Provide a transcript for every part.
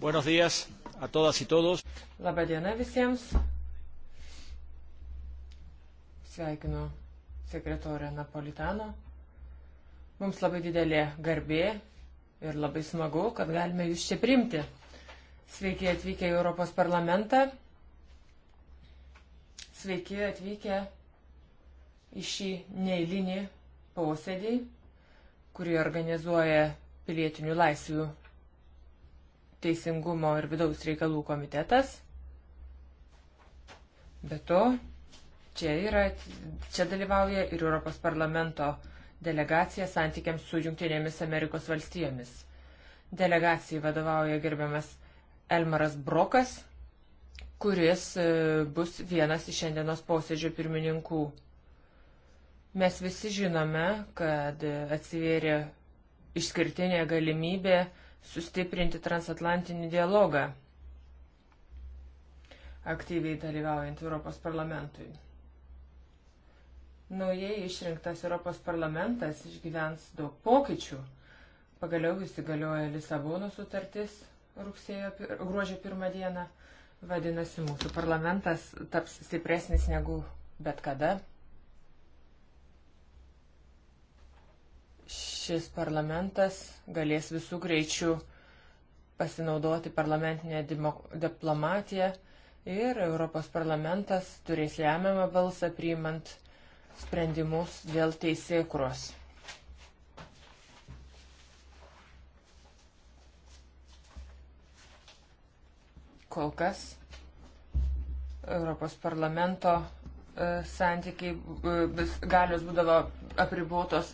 Buenos días a todas y todos. Labą dieną visiems. Sveikinu sekretorę Napolitano. Mums labai didelė garbė ir labai smagu, kad galime jūs čia primti. Sveiki atvykę į Europos parlamentą. Sveiki atvykę į šį neįlinį posėdį, kurį organizuoja pilietinių laisvių Teisingumo ir vidaus reikalų komitetas. Be to, čia, yra, čia dalyvauja ir Europos parlamento delegacija santykiams su Junktinėmis Amerikos valstijomis. Delegacijai vadovauja gerbiamas Elmaras Brokas, kuris e, bus vienas iš šiandienos posėdžio pirmininkų. Mes visi žinome, kad e, atsivėrė išskirtinė galimybė sustiprinti transatlantinį dialogą, aktyviai dalyvaujant Europos parlamentui. Naujai išrinktas Europos parlamentas išgyvens daug pokyčių. Pagaliau įsigalioja Lisabono sutartis rugsėjo, gruodžio pirmą dieną. Vadinasi, mūsų parlamentas taps stipresnis negu bet kada šis parlamentas galės visų greičių pasinaudoti parlamentinę diplomatiją ir Europos parlamentas turės lemiamą balsą priimant sprendimus dėl teisėkros. Kol kas Europos parlamento e, santykiai e, galios būdavo apribotos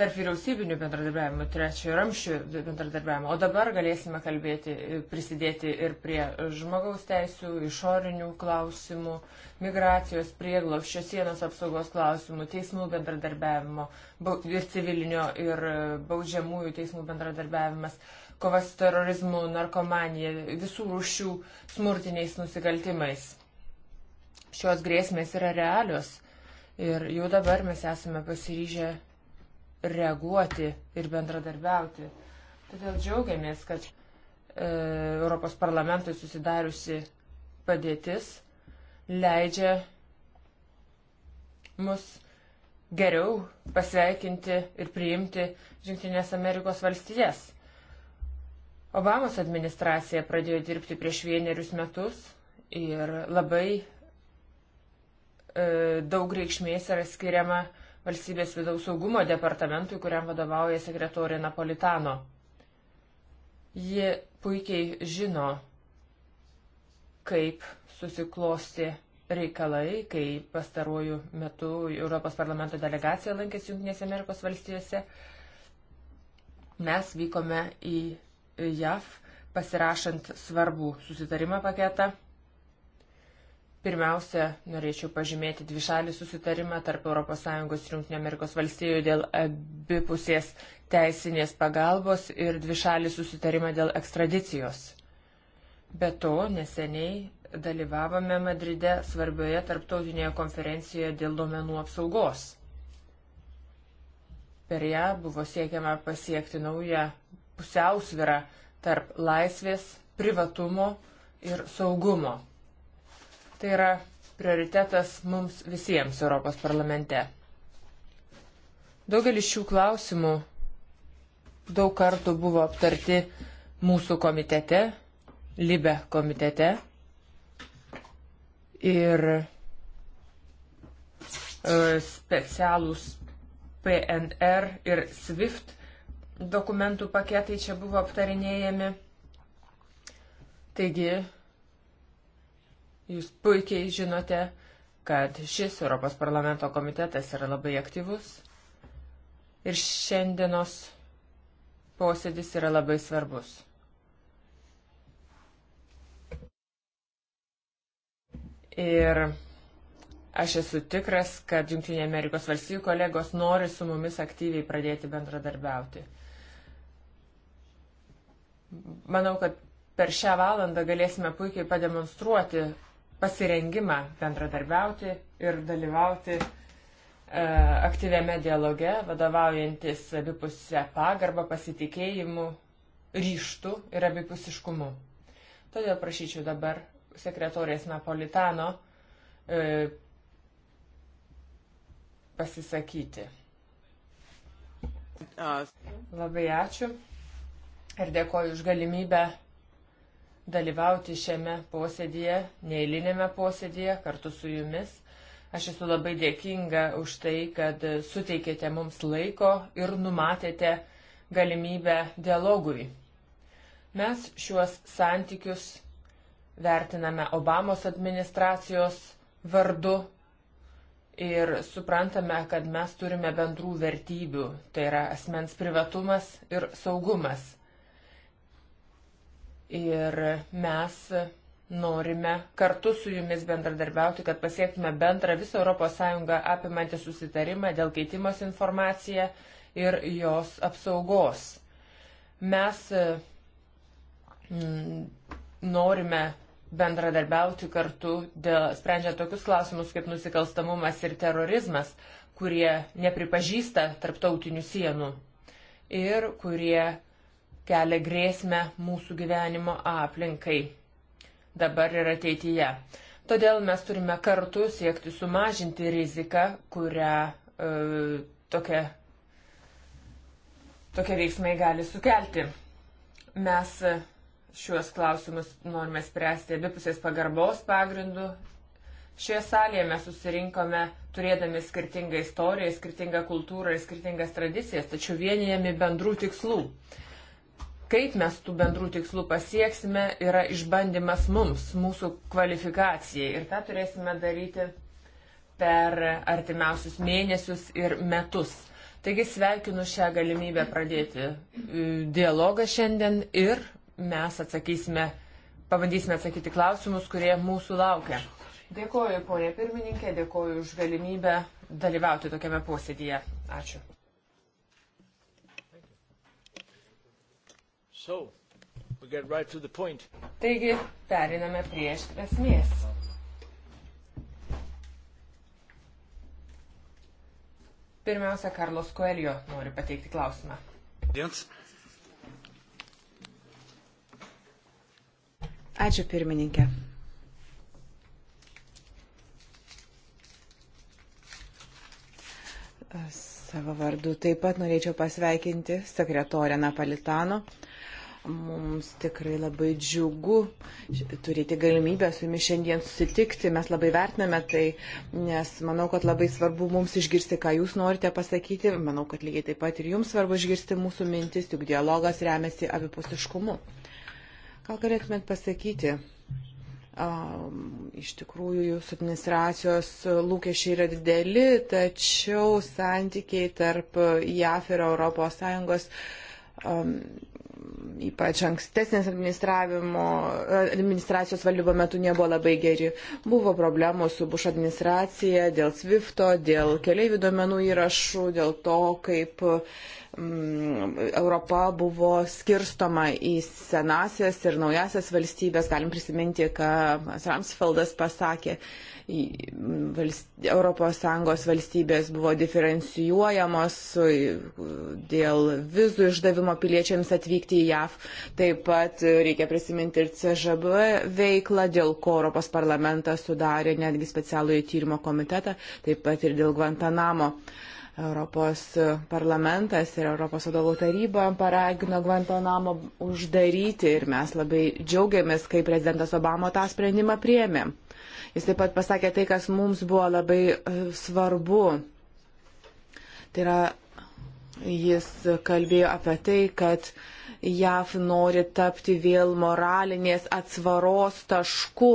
tarp vyriausybinių bendradarbiavimų, trečiojo ramščių bendradarbiavimo. O dabar galėsime kalbėti, prisidėti ir prie žmogaus teisų, išorinių klausimų, migracijos, prieglaušio sienos apsaugos klausimų, teismų bendradarbiavimo ir civilinio ir e, baudžiamųjų teismų bendradarbiavimas, kova su terorizmu, narkomanija, visų rušių smurtiniais nusikaltimais. Šios grėsmės yra realios ir jau dabar mes esame pasiryžę reaguoti ir bendradarbiauti. Todėl džiaugiamės, kad e, Europos parlamentui susidariusi padėtis leidžia mus geriau pasveikinti ir priimti Junktinės Amerikos valstijas. Obamos administracija pradėjo dirbti prieš vienerius metus ir labai e, daug reikšmės yra skiriama e, valstybės vidaus saugumo departamentui, kuriam vadovauja sekretorė Napolitano. Ji puikiai žino, kaip susiklosti reikalai, kai pastaruoju metu Europos parlamento delegacija lankėsi Junktinėse Amerikos valstijose. Mes vykome į JAV pasirašant svarbų susitarimą paketą Pirmiausia, norėčiau pažymėti dvišalį susitarimą tarp ES ir JAV dėl abipusės teisinės pagalbos ir dvišalį susitarimą dėl ekstradicijos. Be to, neseniai dalyvavome Madride svarbioje tarptautinėje konferencijoje dėl duomenų apsaugos. Per ją buvo siekiama pasiekti naują pusiausvirą tarp laisvės, privatumo ir saugumo Tai yra prioritetas mums visiems Europos parlamente. Daugelis šių klausimų daug kartų buvo aptarti mūsų komitete, Libe komitete. Ir e, specialūs PNR ir SWIFT dokumentų paketai čia buvo aptarinėjami. Taigi Jūs puikiai žinote, kad šis Europos parlamento komitetas yra labai aktyvus ir šiandienos posėdis yra labai svarbus. Ir aš esu tikras, kad Junktinė Amerikos valstybių kolegos nori su mumis aktyviai pradėti bendradarbiauti. Manau, kad per šią valandą galėsime puikiai pademonstruoti pasirengimą bendradarbiauti ir dalyvauti e, aktyviame dialoge, vadovaujantis abipusę pagarbą, pasitikėjimu, ryštu ir abipusiškumu. Todėl prašyčiau dabar sekretorės Napolitano e, pasisakyti. Labai ačiū ir dėkoju už galimybę dalyvauti šiame posėdėje, neįlinėme posėdėje kartu su jumis. Aš esu labai dėkinga už tai, kad suteikėte mums laiko ir numatėte galimybę dialogui. Mes šiuos santykius vertiname Obamos administracijos vardu ir suprantame, kad mes turime bendrų vertybių, tai yra asmens privatumas ir saugumas Ir mes norime kartu su jumis bendradarbiauti, kad pasiektume bendrą visą ES apimantį susitarimą dėl keitimos informaciją ir jos apsaugos. Mes mm, norime bendradarbiauti kartu, dėl, sprendžiant tokius klausimus kaip nusikalstamumas ir terorizmas, kurie nepripažįsta tarptautinių sienų ir kurie kelia grėsmę mūsų gyvenimo aplinkai dabar ir ateityje. Todėl mes turime kartu siekti sumažinti riziką, kurią e, tokie, tokie veiksmai gali sukelti. Mes e, šiuos klausimus norime spręsti abipusės pagarbos pagrindų. Šioje salėje mes susirinkome turėdami skirtingą istoriją, skirtingą kultūrą ir skirtingas tradicijas, tačiau vienijami bendrų tikslų. Kaip mes tų bendrų tikslų pasieksime, yra išbandymas mums, mūsų kvalifikacijai. Ir tą turėsime daryti per artimiausius mėnesius ir metus. Taigi sveikinu šią galimybę pradėti e, dialogą šiandien ir mes atsakysime, pabandysime atsakyti klausimus, kurie mūsų laukia. Dėkoju, ponė pirmininkė, dėkoju už galimybę dalyvauti tokiame posėdėje. Ačiū. So, right Taigi, periname prie esmės. Pirmiausia, Karlos Koelio nori pateikti klausimą. Jens. Ačiū pirmininkė. Savo vardu taip pat norėčiau pasveikinti sekretorę Napolitano. Mums tikrai labai džiugu turėti galimybę su jumis šiandien susitikti. Mes labai vertiname tai, nes manau, kad labai svarbu mums išgirsti, ką jūs norite pasakyti. Manau, kad lygiai taip pat ir jums svarbu išgirsti mūsų mintis, juk dialogas remiasi abipusiškumu. Gal galėtumėt pasakyti? Iš tikrųjų, jūsų administracijos lūkesčiai yra dideli, tačiau santykiai tarp JAF ir ES um, ypač ankstesnės administracijos valdybo metu nebuvo labai geri. Buvo problemų su Bush administracija dėl Swifto, dėl keliaivių duomenų įrašų, dėl to, kaip mm, Europa buvo skirstoma į senasias ir naujasias valstybės. Galim prisiminti, ką Ramsfeldas pasakė. Uh, ES valstybės buvo diferencijuojamos dėl vizų išdavimo piliečiams atvykti į JAV. Taip pat reikia prisiminti ir CŽB veiklą, dėl ko Europos parlamentas sudarė netgi specialųjį tyrimo komitetą, taip pat ir dėl Guantanamo. Europos parlamentas ir Europos vadovų taryba paragino Guantanamo uždaryti ir mes labai džiaugiamės, kai prezidentas Obama tą sprendimą priemė. Jis taip pat pasakė tai, kas mums buvo labai e, svarbu. Tai yra, jis kalbėjo apie tai, kad uh, JAF nori tapti vėl moralinės atsvaros tašku.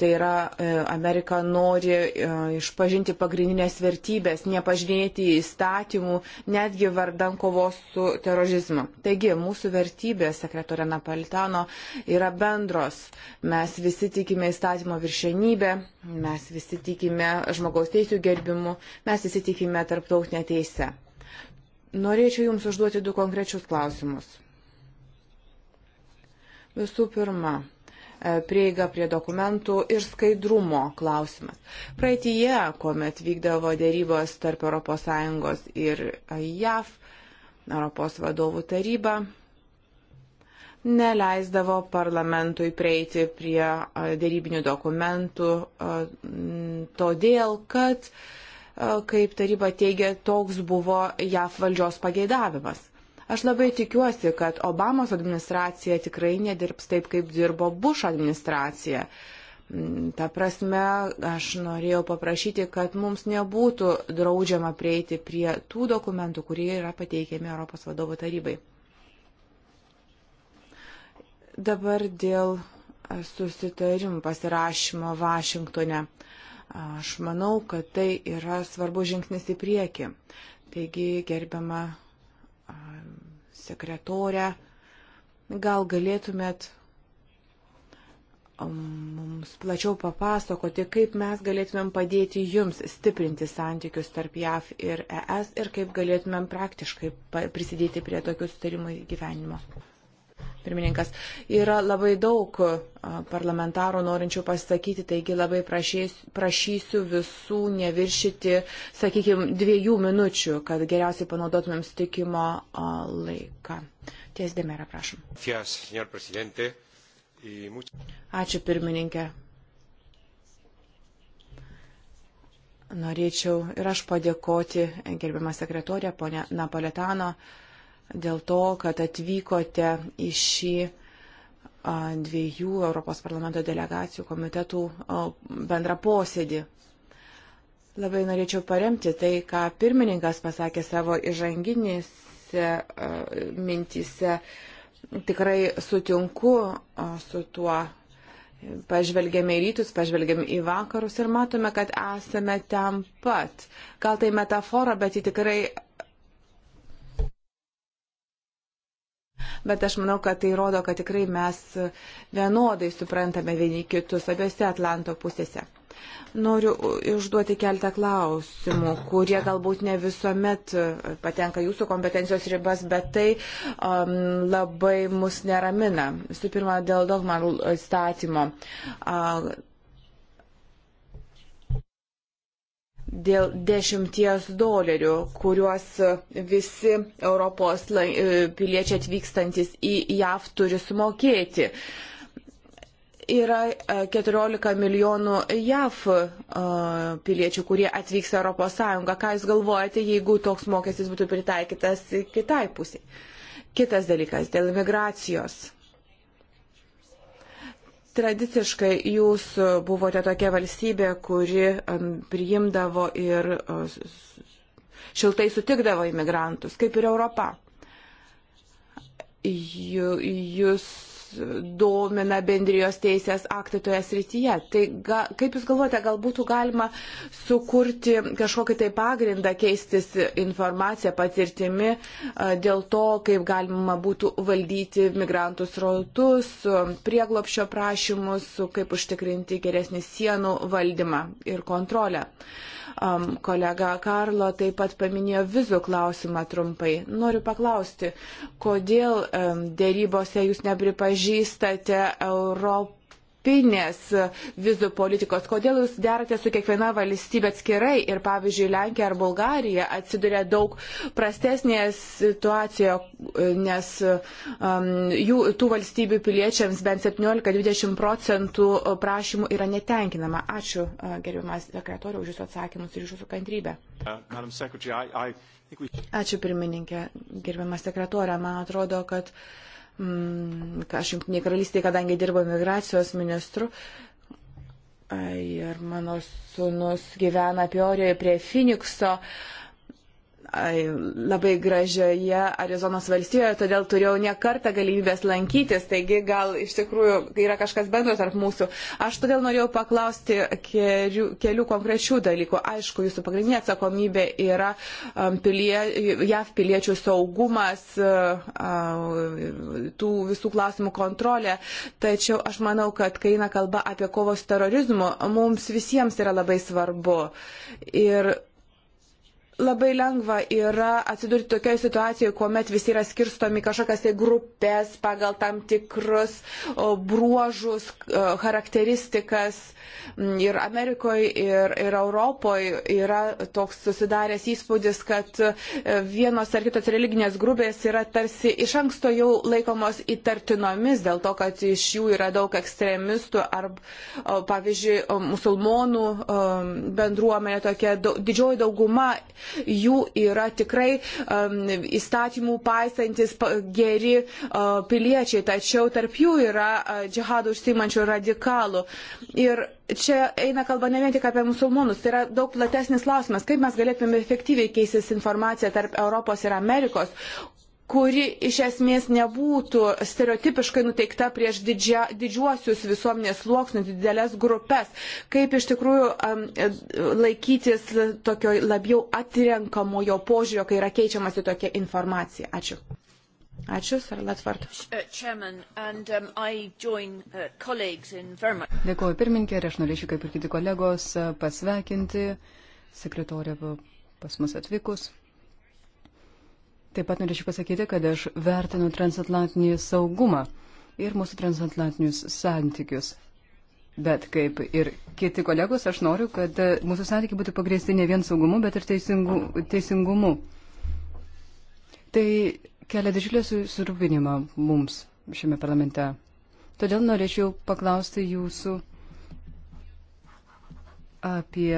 Tai yra, e, Amerika nori e, išpažinti pagrindinės vertybės, nepažinėti įstatymų, netgi vardan kovos su terorizmu. Taigi, mūsų vertybės, sekretorė Napolitano, yra bendros. Mes visi tikime įstatymo viršenybę, mes visi tikime žmogaus teisų gerbimu, mes visi tikime tarptautinę teisę. Norėčiau Jums užduoti du konkrečius klausimus. Visų pirma, e, prieiga prie dokumentų ir skaidrumo klausimas. Praeitie, kuomet vykdavo dėrybos tarp ES ir JAV, Europos vadovų taryba neleisdavo parlamentui prieiti prie e, dėrybinių dokumentų, e, todėl kad, kaip taryba teigia, toks buvo JAV valdžios pageidavimas. Aš labai tikiuosi, kad Obamos administracija tikrai nedirbs taip, kaip dirbo Bush administracija. Mm, ta prasme, aš norėjau paprašyti, kad mums nebūtų draudžiama prieiti prie tų dokumentų, kurie yra pateikiami Europos vadovų tarybai. Dabar dėl susitarimų pasirašymo Vašingtone. Aš manau, kad tai yra svarbus žingsnis į priekį. Taigi, gerbiama sekretorę. Gal galėtumėt um, mums plačiau papasakoti, kaip mes galėtumėm padėti jums stiprinti santykius tarp JAV ir ES ir kaip galėtumėm praktiškai prisidėti prie tokių sutarimų gyvenimo pirmininkas. Yra labai daug parlamentarų norinčių pasakyti, taigi labai prašysiu, prašysiu visų neviršyti, sakykime, dviejų minučių, kad geriausiai panaudotumėm sutikimo laiką. Ties demera, prašom. Ačiū pirmininkė. Norėčiau ir aš padėkoti gerbiamą sekretorę, ponę Napoletano. Uh, dėl to, kad atvykote į šį dviejų Europos parlamento delegacijų komitetų bendrą posėdį. Labai norėčiau paremti tai, ką pirmininkas pasakė savo įžanginėse mintise. Tikrai sutinku su tuo. Pažvelgėme į rytus, pažvelgėme į vakarus ir matome, kad esame ten pat. Gal tai metafora, bet ji tikrai Bet aš manau, kad tai rodo, kad tikrai mes vienodai suprantame vieni kitus abiejose Atlanto pusėse. Noriu užduoti keltą klausimų, kurie galbūt ne visuomet e, patenka jūsų kompetencijos ribas, bet tai um, labai mus neramina. Visų pirma, dėl dogmų statymo. Uh, dėl dešimties dolerių, kuriuos visi Europos e, piliečiai atvykstantis į JAV turi sumokėti. Yra 14 e, milijonų JAV e, piliečių, kurie atvyks į ES. Ką Jūs galvojate, jeigu toks mokestis būtų pritaikytas kitai pusiai? Kitas dalykas dėl imigracijos Tradiciškai jūs buvote tokia valstybė, kuri priimdavo ir e, šiltai sutikdavo imigrantus, kaip ir Europa. Jūs domina bendrijos teisės aktai toje srityje. Tai ga, kaip Jūs galvojate, gal būtų galima sukurti kažkokį tai pagrindą keistis informaciją, patirtimi dėl to, kaip galima būtų valdyti migrantų srautus, prieglopšio prašymus, kaip užtikrinti geresnį sienų valdymą ir kontrolę. Um, kolega Karlo taip pat paminėjo vizų klausimą trumpai. Noriu paklausti, kodėl um, dėrybose jūs nepripažįstate Europos europinės vizų politikos? Kodėl jūs derate su kiekviena valstybė atskirai ir, pavyzdžiui, Lenkija ar Bulgarija atsiduria daug prastesnėje situacijoje, nes um, jų, tų valstybių piliečiams bent 17-20 procentų prašymų yra netenkinama. Ačiū, uh, gerbiamas sekretoriau, už Jūsų atsakymus ir už Jūsų kantrybę. Uh, Ačiū pirmininkė, gerbiamas sekretorė. Man atrodo, kad Mm, aš Junktinėje karalystėje, kadangi dirbu migracijos ministru, ir mano sunus gyvena Piorijoje prie Finikso, uh, labai gražioje Arizonos valstijoje, todėl turėjau ne kartą galimybės lankytis, taigi gal iš tikrųjų yra kažkas bendro tarp mūsų. Aš todėl norėjau paklausti kelių, kelių konkrečių dalykų. Aišku, jūsų pagrindinė atsakomybė yra um, pilie, JAV piliečių saugumas, um, tų visų klausimų kontrolė, tačiau aš manau, kad kai eina kalba apie kovos terorizmu, mums visiems yra labai svarbu. Ir labai lengva yra atsidurti tokioje situacijoje, kuomet visi yra skirstomi kažkokias tai grupės pagal tam tikrus bruožus, charakteristikas. Mm, ir Amerikoje, ir, ir Europoje yra toks susidaręs įspūdis, kad e, vienos ar kitos religinės grupės yra tarsi iš anksto jau laikomos įtartinomis dėl to, kad iš jų yra daug ekstremistų ar, pavyzdžiui, musulmonų bendruomenė tokia didžioji dauguma jų yra tikrai um, įstatymų paisantis geri uh, piliečiai, tačiau tarp jų yra uh, džihadų užsimančių radikalų. Ir čia eina kalba ne vien tik apie musulmonus, tai yra daug platesnis klausimas, kaip mes galėtume efektyviai keistis informaciją tarp Europos ir Amerikos, kuri iš esmės nebūtų stereotipiškai nuteikta prieš didžia, didžiuosius visuomenės sluoksnius, didelės grupės, kaip iš tikrųjų um, laikytis tokio labiau atrenkamojo požiūrio, kai yra keičiamasi tokia informacija. Ačiū. Ačiū, Sara Latvart. Uh, um, uh, Dėkuoju pirmininkė ir aš norėčiau, kaip ir kiti kolegos, pasveikinti sekretorę pas mus atvykus. Taip pat norėčiau pasakyti, kad aš vertinu transatlantinį saugumą ir mūsų transatlantinius santykius. Bet kaip ir kiti kolegos, aš noriu, kad mūsų santykiai būtų pagrėsti ne vien saugumu, bet ir teisingu, teisingumu. Tai kelia didžiulę surūpinimą mums šiame parlamente. Todėl norėčiau paklausti jūsų apie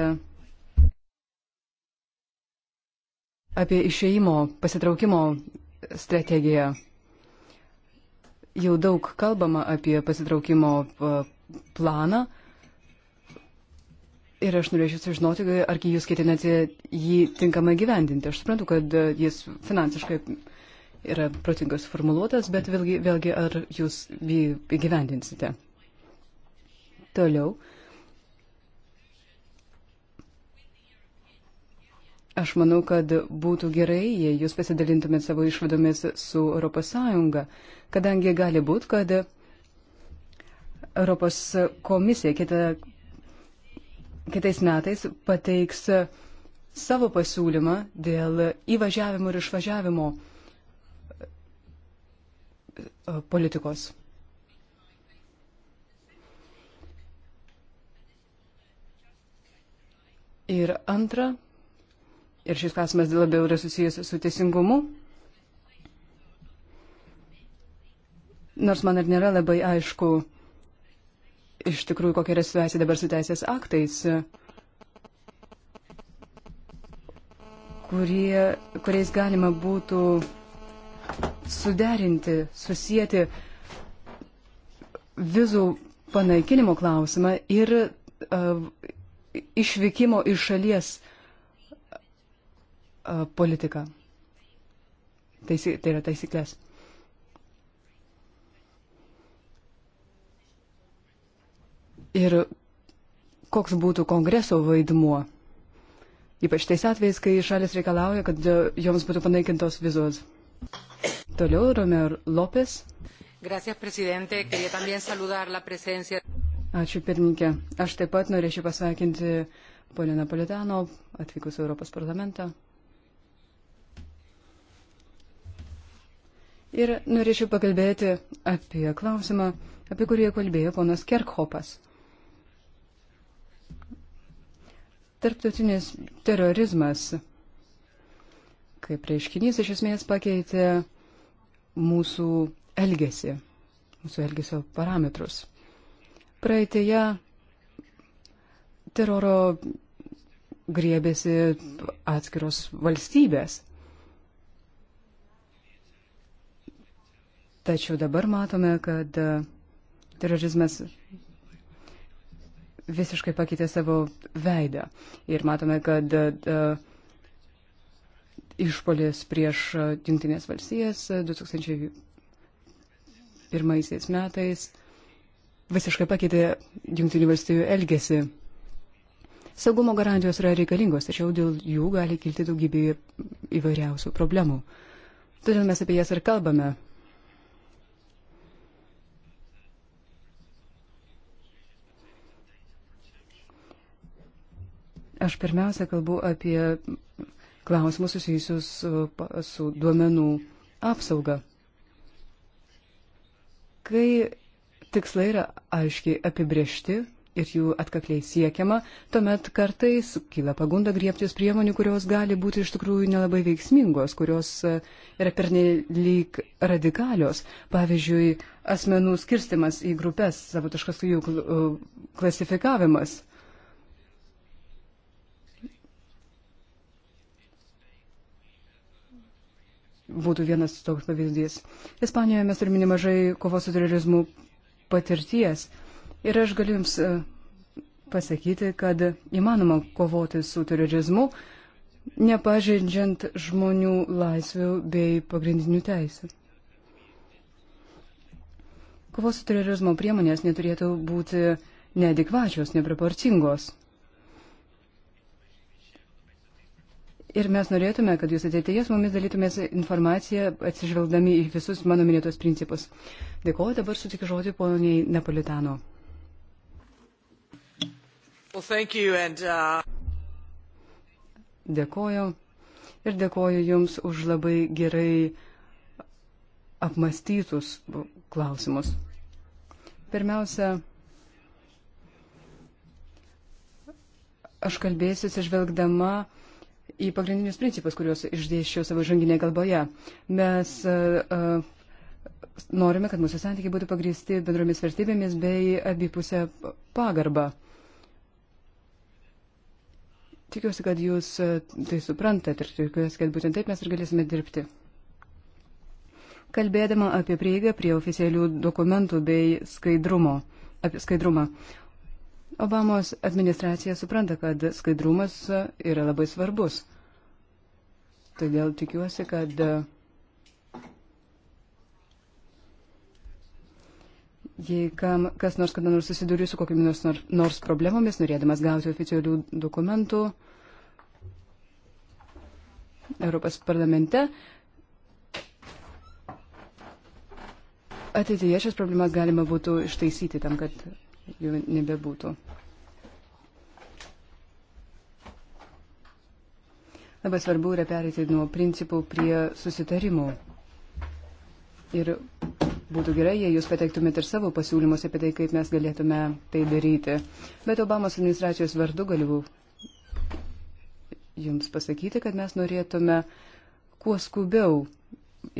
apie išeimo, pasitraukimo strategiją. Jau daug kalbama apie pasitraukimo e, planą ir aš norėčiau sužinoti, argi jūs ketinate jį tinkamai gyvendinti. Aš suprantu, kad e, jis finansiškai yra protingas formuluotas, bet vėlgi, vėlgi ar jūs jį gyvendinsite. Toliau Aš manau, kad būtų gerai, jei jūs pasidalintumėt savo išvadomis su ES, kadangi gali būti, kad Europos komisija kita, kitais metais pateiks savo pasiūlymą dėl įvažiavimo ir išvažiavimo politikos. Ir antra, ir šis klausimas labiau yra susijęs su teisingumu. Nors man ir nėra labai aišku, iš tikrųjų, kokia yra situacija dabar su teisės aktais, kurie, kuriais galima būtų suderinti, susijęti vizų panaikinimo klausimą ir uh, išvykimo iš šalies uh, politiką. Taisy, tai yra taisyklės. Ir koks būtų kongreso vaidmuo? Ypač tais atvejais, kai šalis reikalauja, kad e, joms būtų panaikintos vizos. Toliau Romeo Lopes. Gracias, presidente. Quería también saludar la presencia. Ačiū, pirmininkė. Aš taip pat norėčiau pasveikinti ponę Napolitano atvykus Europos parlamentą. Ir norėčiau pakalbėti apie klausimą, apie kurį kalbėjo ponas Kerkhopas. Tarptautinis terorizmas kaip reiškinys iš esmės pakeitė mūsų elgesį, mūsų elgesio parametrus. Praeitėje teroro griebėsi atskiros valstybės. Tačiau dabar matome, kad e, terorizmas visiškai pakeitė savo veidą. Ir matome, kad e, e, išpolis prieš Junktinės valstijas 2001 metais visiškai pakeitė Junktinių valstijų elgesį. Saugumo garantijos yra reikalingos, tačiau dėl jų gali kilti daugybė įvairiausių problemų. Todėl mes apie jas ir kalbame. Aš pirmiausia kalbu apie klausimus susijusius su, su duomenų apsauga. Kai tikslai yra aiškiai apibriešti ir jų atkakliai siekiama, tuomet kartais kyla pagunda griebtis priemonių, kurios gali būti iš tikrųjų nelabai veiksmingos, kurios e, yra pernelyg radikalios. Pavyzdžiui, asmenų skirstimas į grupės, savotiškas jų e, klasifikavimas. būtų vienas toks pavyzdys. Ispanijoje mes turime nemažai kovos su terorizmu patirties. Ir aš galiu Jums e, pasakyti, kad įmanoma kovoti su terorizmu, nepažeidžiant žmonių laisvių bei pagrindinių teisų. Kovos su terorizmo priemonės neturėtų būti neadekvačios, neproporcingos. Ir mes norėtume, kad jūs ateityje su mumis dalytumės informaciją atsižvelgdami į visus mano minėtos principus. Dėkuoju, dabar sutikiu žodį poniai Napolitano. Well, and, uh... Dėkuoju ir dėkuoju Jums už labai gerai apmastytus klausimus. Pirmiausia, aš kalbėsiu atsižvelgdama į pagrindinius principus, kuriuos išdėšiau savo žanginėje kalboje. Mes uh, norime, kad mūsų santykiai būtų pagristi bendromis vertybėmis bei abipusę pagarbą. Tikiuosi, kad jūs e, tai suprantat ir tikiuosi, kad būtent taip mes ir galėsime dirbti. Kalbėdama apie prieigą prie oficialių dokumentų bei skaidrumo, apie skaidrumą, Obamos administracija supranta, kad skaidrumas yra labai svarbus. Todėl tikiuosi, kad jei kam, kas nors kada nors susiduri su kokiamis nors, nors problemomis, norėdamas gauti oficialių dokumentų Europos parlamente, ateityje šias problemas galima būtų ištaisyti tam, kad jų nebebūtų. Labai svarbu yra perėti nuo principų prie susitarimų. Ir būtų gerai, jei jūs pateiktumėte ir savo pasiūlymus apie tai, kaip mes galėtume tai daryti. Bet Obamos administracijos vardu galiu jums pasakyti, kad mes norėtume kuo skubiau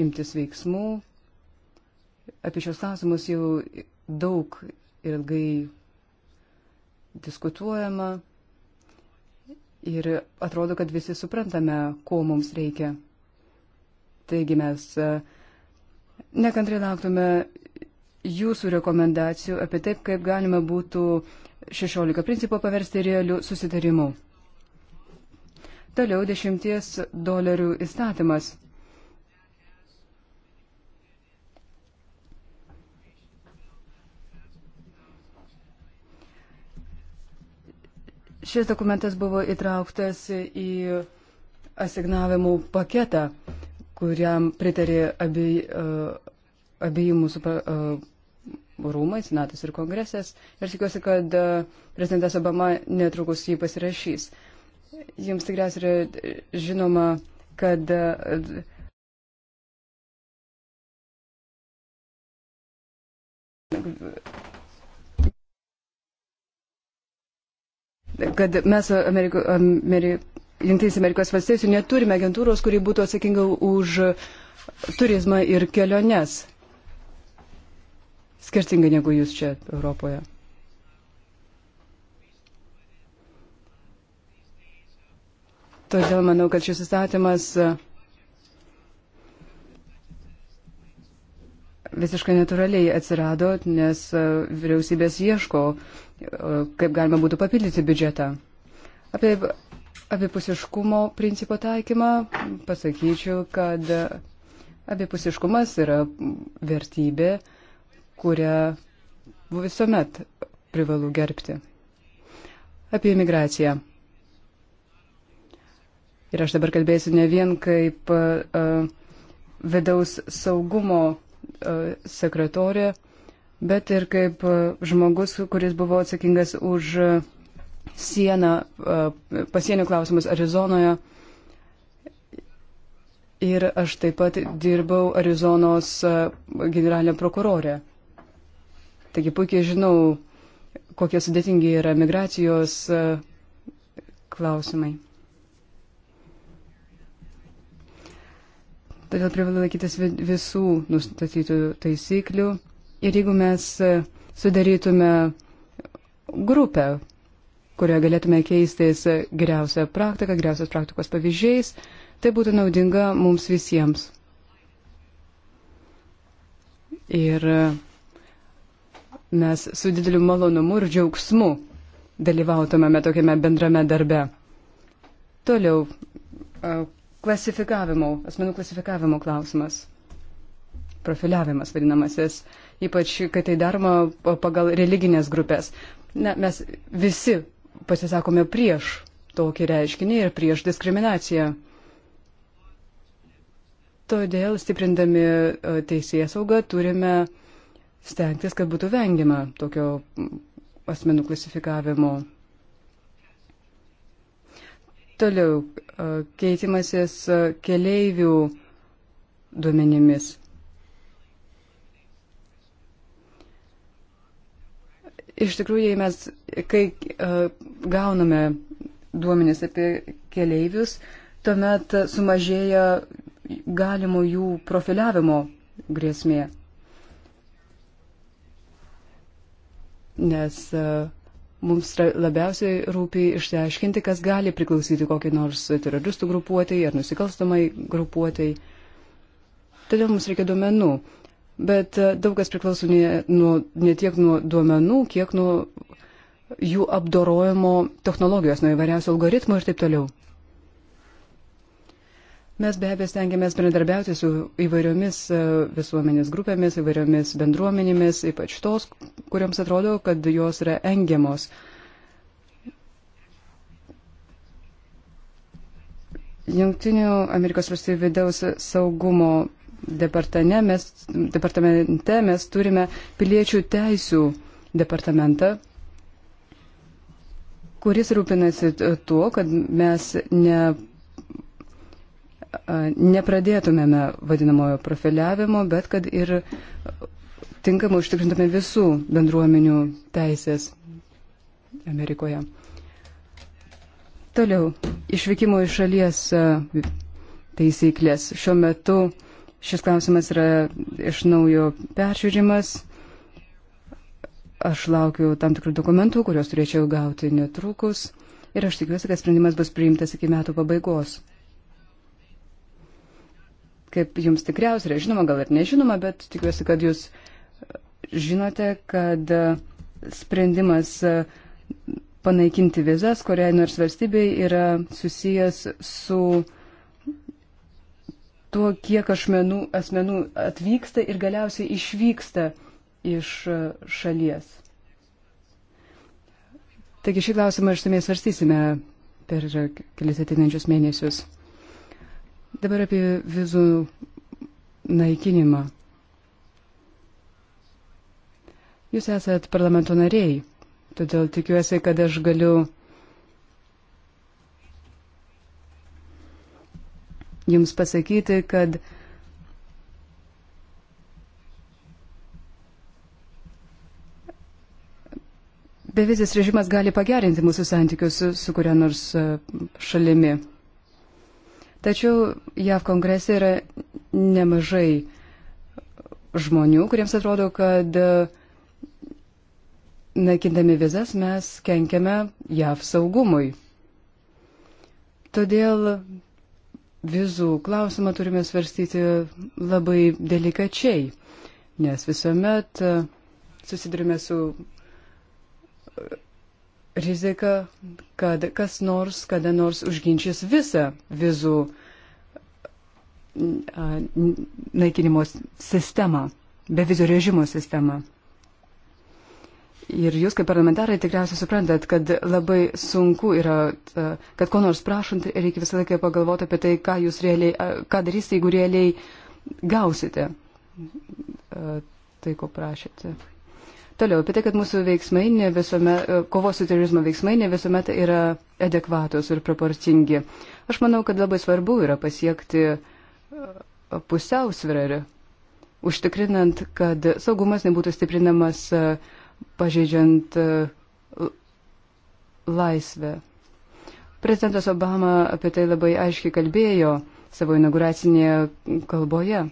imtis veiksmų. Apie šios klausimus jau daug ir ilgai diskutuojama ir atrodo, kad visi suprantame, ko mums reikia. Taigi mes e, nekantriai lauktume jūsų rekomendacijų apie taip, kaip galima būtų 16 principų paversti realių susitarimu. Toliau 10 dolerių įstatymas. Šis dokumentas buvo įtrauktas į asignavimų paketą, kuriam pritarė abi, e, abiejų mūsų e, rūmai, senatas ir kongresas. Ir tikiuosi, kad e, prezidentas Obama netrukus jį pasirašys. Jums tikriausiai yra žinoma, kad kad mes Ameriko, Ameri, Junktinės Amerikos valstijose neturime agentūros, kuri būtų atsakinga už turizmą ir keliones. Skirtingai negu jūs čia Europoje. Todėl manau, kad šis įstatymas visiškai natūraliai atsirado, nes e, vyriausybės ieško, e, kaip galima būtų papildyti biudžetą. Apie abipusiškumo principo taikymą pasakyčiau, kad e, abipusiškumas yra vertybė, kurią visuomet privalu gerbti. Apie imigraciją. Ir aš dabar kalbėsiu ne vien kaip uh, vidaus saugumo E, sekretorė, bet ir kaip e, žmogus, kuris buvo atsakingas už e, sieną, pasienio klausimus Arizonoje. Ir aš taip pat dirbau Arizonos generalinė prokurorė. Taigi puikiai žinau, kokie sudėtingi yra migracijos klausimai. todėl privalu laikytis visų nustatytų taisyklių. Ir jeigu mes e, sudarytume grupę, kurioje galėtume keistis geriausią praktiką, geriausios praktikos pavyzdžiais, tai būtų naudinga mums visiems. Ir e, mes su dideliu malonumu ir džiaugsmu dalyvautumėme tokiame bendrame darbe. Toliau e, klasifikavimo, asmenų klasifikavimo klausimas, profiliavimas vadinamasis, ypač, kai tai daroma pagal religinės grupės. Na, mes visi pasisakome prieš tokį reiškinį ir prieš diskriminaciją. Todėl, stiprindami e, teisėją saugą, turime stengtis, kad būtų vengiama tokio asmenų klasifikavimo Toliau e, keitimasis e, keleivių duomenimis. Iš tikrųjų, jei mes, kai uh, gauname duomenis apie keleivius, tuomet sumažėja galimo jų profiliavimo grėsmė. Nes uh, Mums labiausiai rūpi išsiaiškinti, kas gali priklausyti kokiai nors teroristų grupuotai ar nusikalstamai grupuotai. Todėl mums reikia duomenų. Bet e, daug kas priklauso ne, nuo, ne tiek nuo duomenų, kiek nuo jų apdorojimo technologijos, nuo įvairiausių algoritmų ir taip toliau. Mes be abejo stengiamės bendradarbiauti su įvairiomis e, visuomenės grupėmis, įvairiomis bendruomenėmis, ypač tos, kuriams atrodo, kad jos yra engiamos. Junktinių Amerikos valstybių vidaus saugumo mes, departamente mes turime piliečių teisų departamentą, kuris rūpinasi tuo, kad mes ne nepradėtumėme vadinamojo profiliavimo, bet kad ir tinkamai užtikrintume visų bendruomenių teisės Amerikoje. Toliau, išvykimo iš šalies taisyklės. Šiuo metu šis klausimas yra iš naujo peržiūrimas. Aš laukiu tam tikrų dokumentų, kuriuos turėčiau gauti netrukus. Ir aš tikiuosi, kad sprendimas bus priimtas iki metų pabaigos. Kaip jums tikriausiai yra žinoma, gal ir nežinoma, bet tikiuosi, kad jūs žinote, kad e, sprendimas e, panaikinti vizas, kuriai nors valstybei yra susijęs su tuo, kiek asmenų, asmenų atvyksta ir galiausiai išvyksta iš e, šalies. Taigi šį klausimą išsamei svarstysime per kelias ateinančius mėnesius. Dabar apie vizų naikinimą. Jūs esat parlamento nariai, todėl tikiuosi, kad aš galiu jums pasakyti, kad bevizis režimas gali pagerinti mūsų santykius su, su kuria nors e, šalimi. Tačiau JAV kongrese yra nemažai žmonių, kuriems atrodo, kad e, naikindami vizas mes kenkiame JAV saugumui. Todėl vizų klausimą turime svarstyti labai delikačiai, nes visuomet e, susidurime su rizika, kad kas nors kada nors užginčys visą vizų naikinimo sistemą, be vizų režimo sistemą. Ir jūs kaip parlamentarai tikriausiai suprantat, kad labai sunku yra, kad ko nors prašant, reikia visą laiką pagalvoti apie tai, ką jūs realiai, ką darysite, jeigu realiai gausite tai, ko prašėte. Toliau apie tai, kad mūsų veiksmai ne visuomet, e, kovos su terorizmo veiksmai ne visuomet yra adekvatos ir proporcingi. Aš manau, kad labai svarbu yra pasiekti e, pusiausvyrą, užtikrinant, kad saugumas nebūtų stiprinamas e, pažeidžiant laisvę. Prezidentas Obama apie tai labai aiškiai kalbėjo savo inauguracinėje kalboje.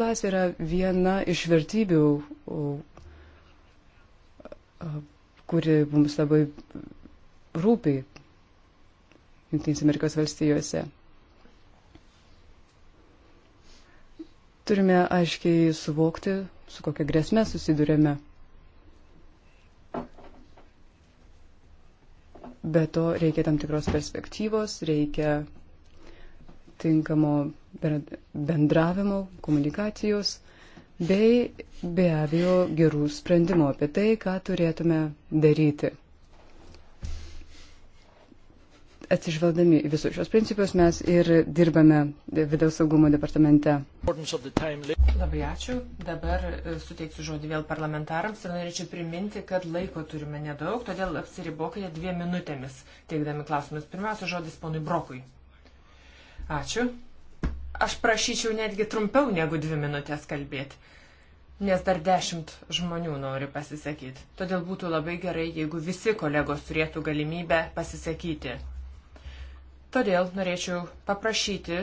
Laisvė yra viena iš vertybių, kuri mums labai rūpi Junktinėse Amerikos valstijose. Turime aiškiai suvokti, su kokia grėsme susidurėme. Be to reikia tam tikros perspektyvos, reikia tinkamo bendravimo, komunikacijos bei be abejo gerų sprendimų apie tai, ką turėtume daryti. Atsižvelgdami visus šios principus mes ir dirbame vidaus saugumo departamente. Labai ačiū. Dabar e, suteiksiu žodį vėl parlamentarams ir norėčiau priminti, kad laiko turime nedaug, todėl apsiribokite dviem minutėmis teikdami klausimus. Pirmiausia, žodis ponui Brokui. Ačiū. Aš prašyčiau netgi trumpiau negu dvi minutės kalbėti, nes dar dešimt žmonių nori pasisakyti. Todėl būtų labai gerai, jeigu visi kolegos turėtų galimybę pasisakyti. Todėl norėčiau paprašyti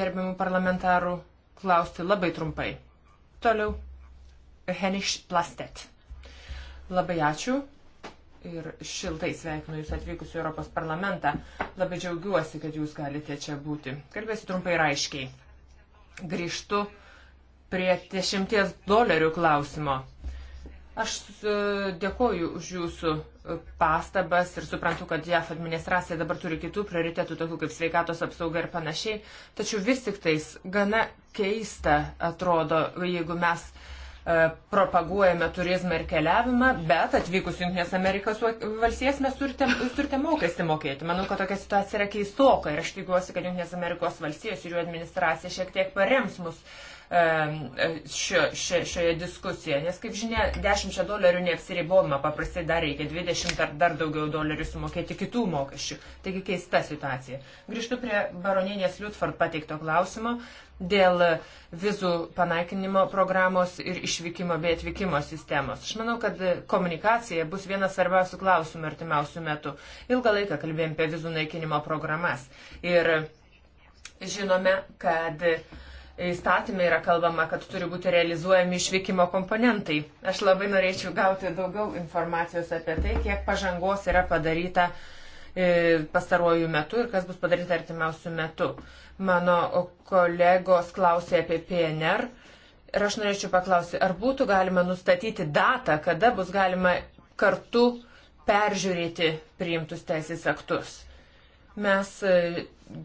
gerbiamų parlamentarų klausti labai trumpai. Toliau Henish Plastet. Labai ačiū ir šiltai sveikinu Jūs atvykus į Europos parlamentą. Labai džiaugiuosi, kad Jūs galite čia būti. Kalbėsiu trumpai ir aiškiai. Grįžtu prie dešimties dolerių klausimo. Aš e, dėkoju už Jūsų e, pastabas ir suprantu, kad JAF administracija dabar turi kitų prioritetų, tokių kaip sveikatos apsauga ir panašiai. Tačiau vis tik tais gana keista atrodo, jeigu mes uh, E, propaguojame turizmą ir keliavimą, bet atvykus Junktinės Amerikos valstijas mes turite, jūs turite mokestį mokėti. Manau, kad tokia situacija yra keistoka ir aš tikiuosi, kad Junktinės Amerikos valstijos ir jų administracija šiek tiek parems mus šio, šio, šioje diskusijoje, nes kaip žinia, 10 dolerių neapsiribojama, paprastai dar reikia 20 ar dar daugiau dolerių sumokėti kitų mokesčių. Taigi keista situacija. Grįžtu prie baronienės Liutford pateikto klausimo dėl vizų panaikinimo programos ir išvykimo bei atvykimo sistemos. Aš manau, kad komunikacija bus vienas svarbiausių klausimų artimiausių metų. Ilgą laiką kalbėjom apie vizų naikinimo programas ir žinome, kad uh, įstatymė yra kalbama, kad turi būti realizuojami išvykimo komponentai. Aš labai norėčiau gauti daugiau informacijos apie tai, kiek pažangos yra padaryta e, pastaruoju metu ir kas bus padaryta artimiausių metų. Mano kolegos klausė apie PNR ir aš norėčiau paklausti, ar būtų galima nustatyti datą, kada bus galima kartu peržiūrėti priimtus teisės aktus. Mes e,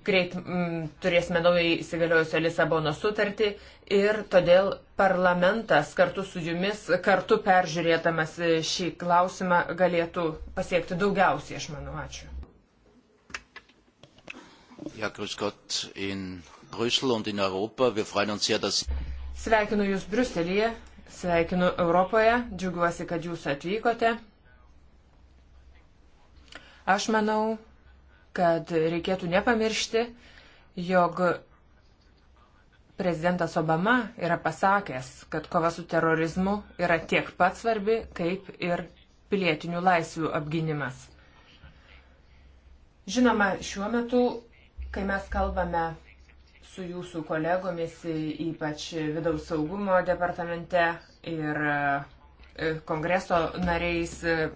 greit m, mm, turėsime naujai įsigaliojusią Lisabono sutartį ir todėl parlamentas kartu su jumis, kartu peržiūrėtamas šį klausimą, galėtų pasiekti daugiausiai, aš manau. Ačiū. Ja, grüß Gott in Brüssel und in Europa. Wir freuen uns sehr, dass. Sveikinu Jūs Briuselėje, sveikinu Europoje, džiugiuosi, kad Jūs atvykote. Aš manau, kad reikėtų nepamiršti, jog prezidentas Obama yra pasakęs, kad kova su terorizmu yra tiek pat svarbi, kaip ir pilietinių laisvių apginimas. Žinoma, šiuo metu, kai mes kalbame su jūsų kolegomis, ypač vidaus saugumo departamente ir e, kongreso nariais e,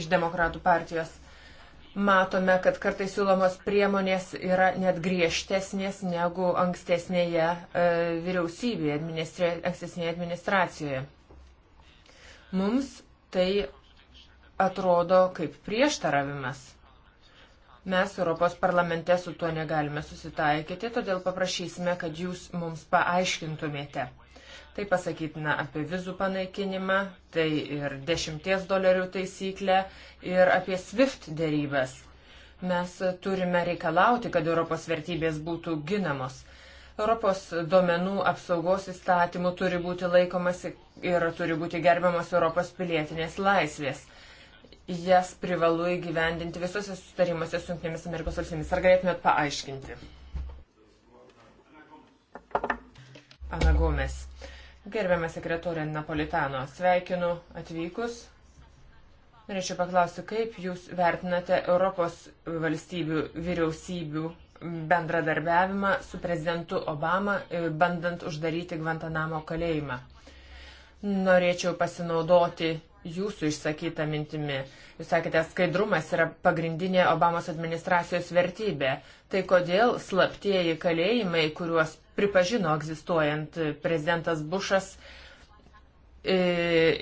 iš demokratų partijos, matome, kad kartais siūlomos priemonės yra net griežtesnės negu ankstesnėje e, vyriausybėje, administra, ankstesnėje administracijoje. Mums tai atrodo kaip prieštaravimas. Mes Europos parlamente su tuo negalime susitaikyti, todėl paprašysime, kad jūs mums paaiškintumėte. Tai pasakytina apie vizų panaikinimą, tai ir dešimties dolerių taisyklę, ir apie SWIFT dėrybas. Mes turime reikalauti, kad Europos vertybės būtų ginamos. Europos duomenų apsaugos įstatymų turi būti laikomasi ir turi būti gerbiamas Europos pilietinės laisvės. Jas privalu įgyvendinti visose sustarimuose su Junktinėmis Amerikos valstybėmis. Ar galėtumėt paaiškinti? Ana Gomes. Gerbiamas sekretorė Napolitano, sveikinu atvykus. Norėčiau paklausti, kaip Jūs vertinate Europos valstybių vyriausybių bendradarbiavimą su prezidentu Obama, e, bandant uždaryti Guantanamo kalėjimą? Norėčiau pasinaudoti jūsų išsakytą mintimi. Jūs sakėte, skaidrumas yra pagrindinė Obamos administracijos vertybė. Tai kodėl slaptieji kalėjimai, kuriuos pripažino egzistuojant prezidentas Bušas e,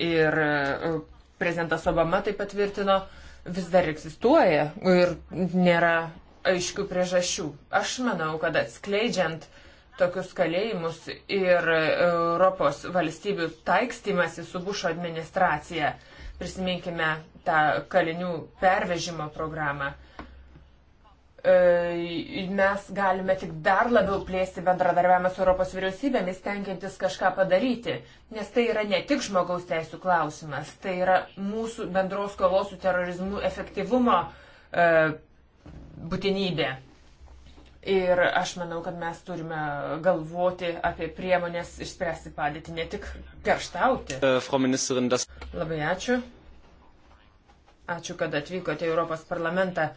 ir e, prezidentas Obama tai patvirtino, vis dar egzistuoja ir nėra aiškių priežasčių. Aš manau, kad atskleidžiant tokius kalėjimus ir Europos valstybių taikstymasi su Bušo administracija, prisiminkime tą kalinių pervežimo programą, E, mes galime tik dar labiau plėsti bendradarbiavimą su Europos vyriausybėmis, tenkintis kažką padaryti, nes tai yra ne tik žmogaus teisų klausimas, tai yra mūsų bendros kovos su terorizmu efektyvumo e, būtinybė. Ir aš manau, kad mes turime galvoti apie priemonės išspręsti padėtį, ne tik kerštauti. Äh, Labai ačiū. Ačiū, kad atvykote į Europos parlamentą.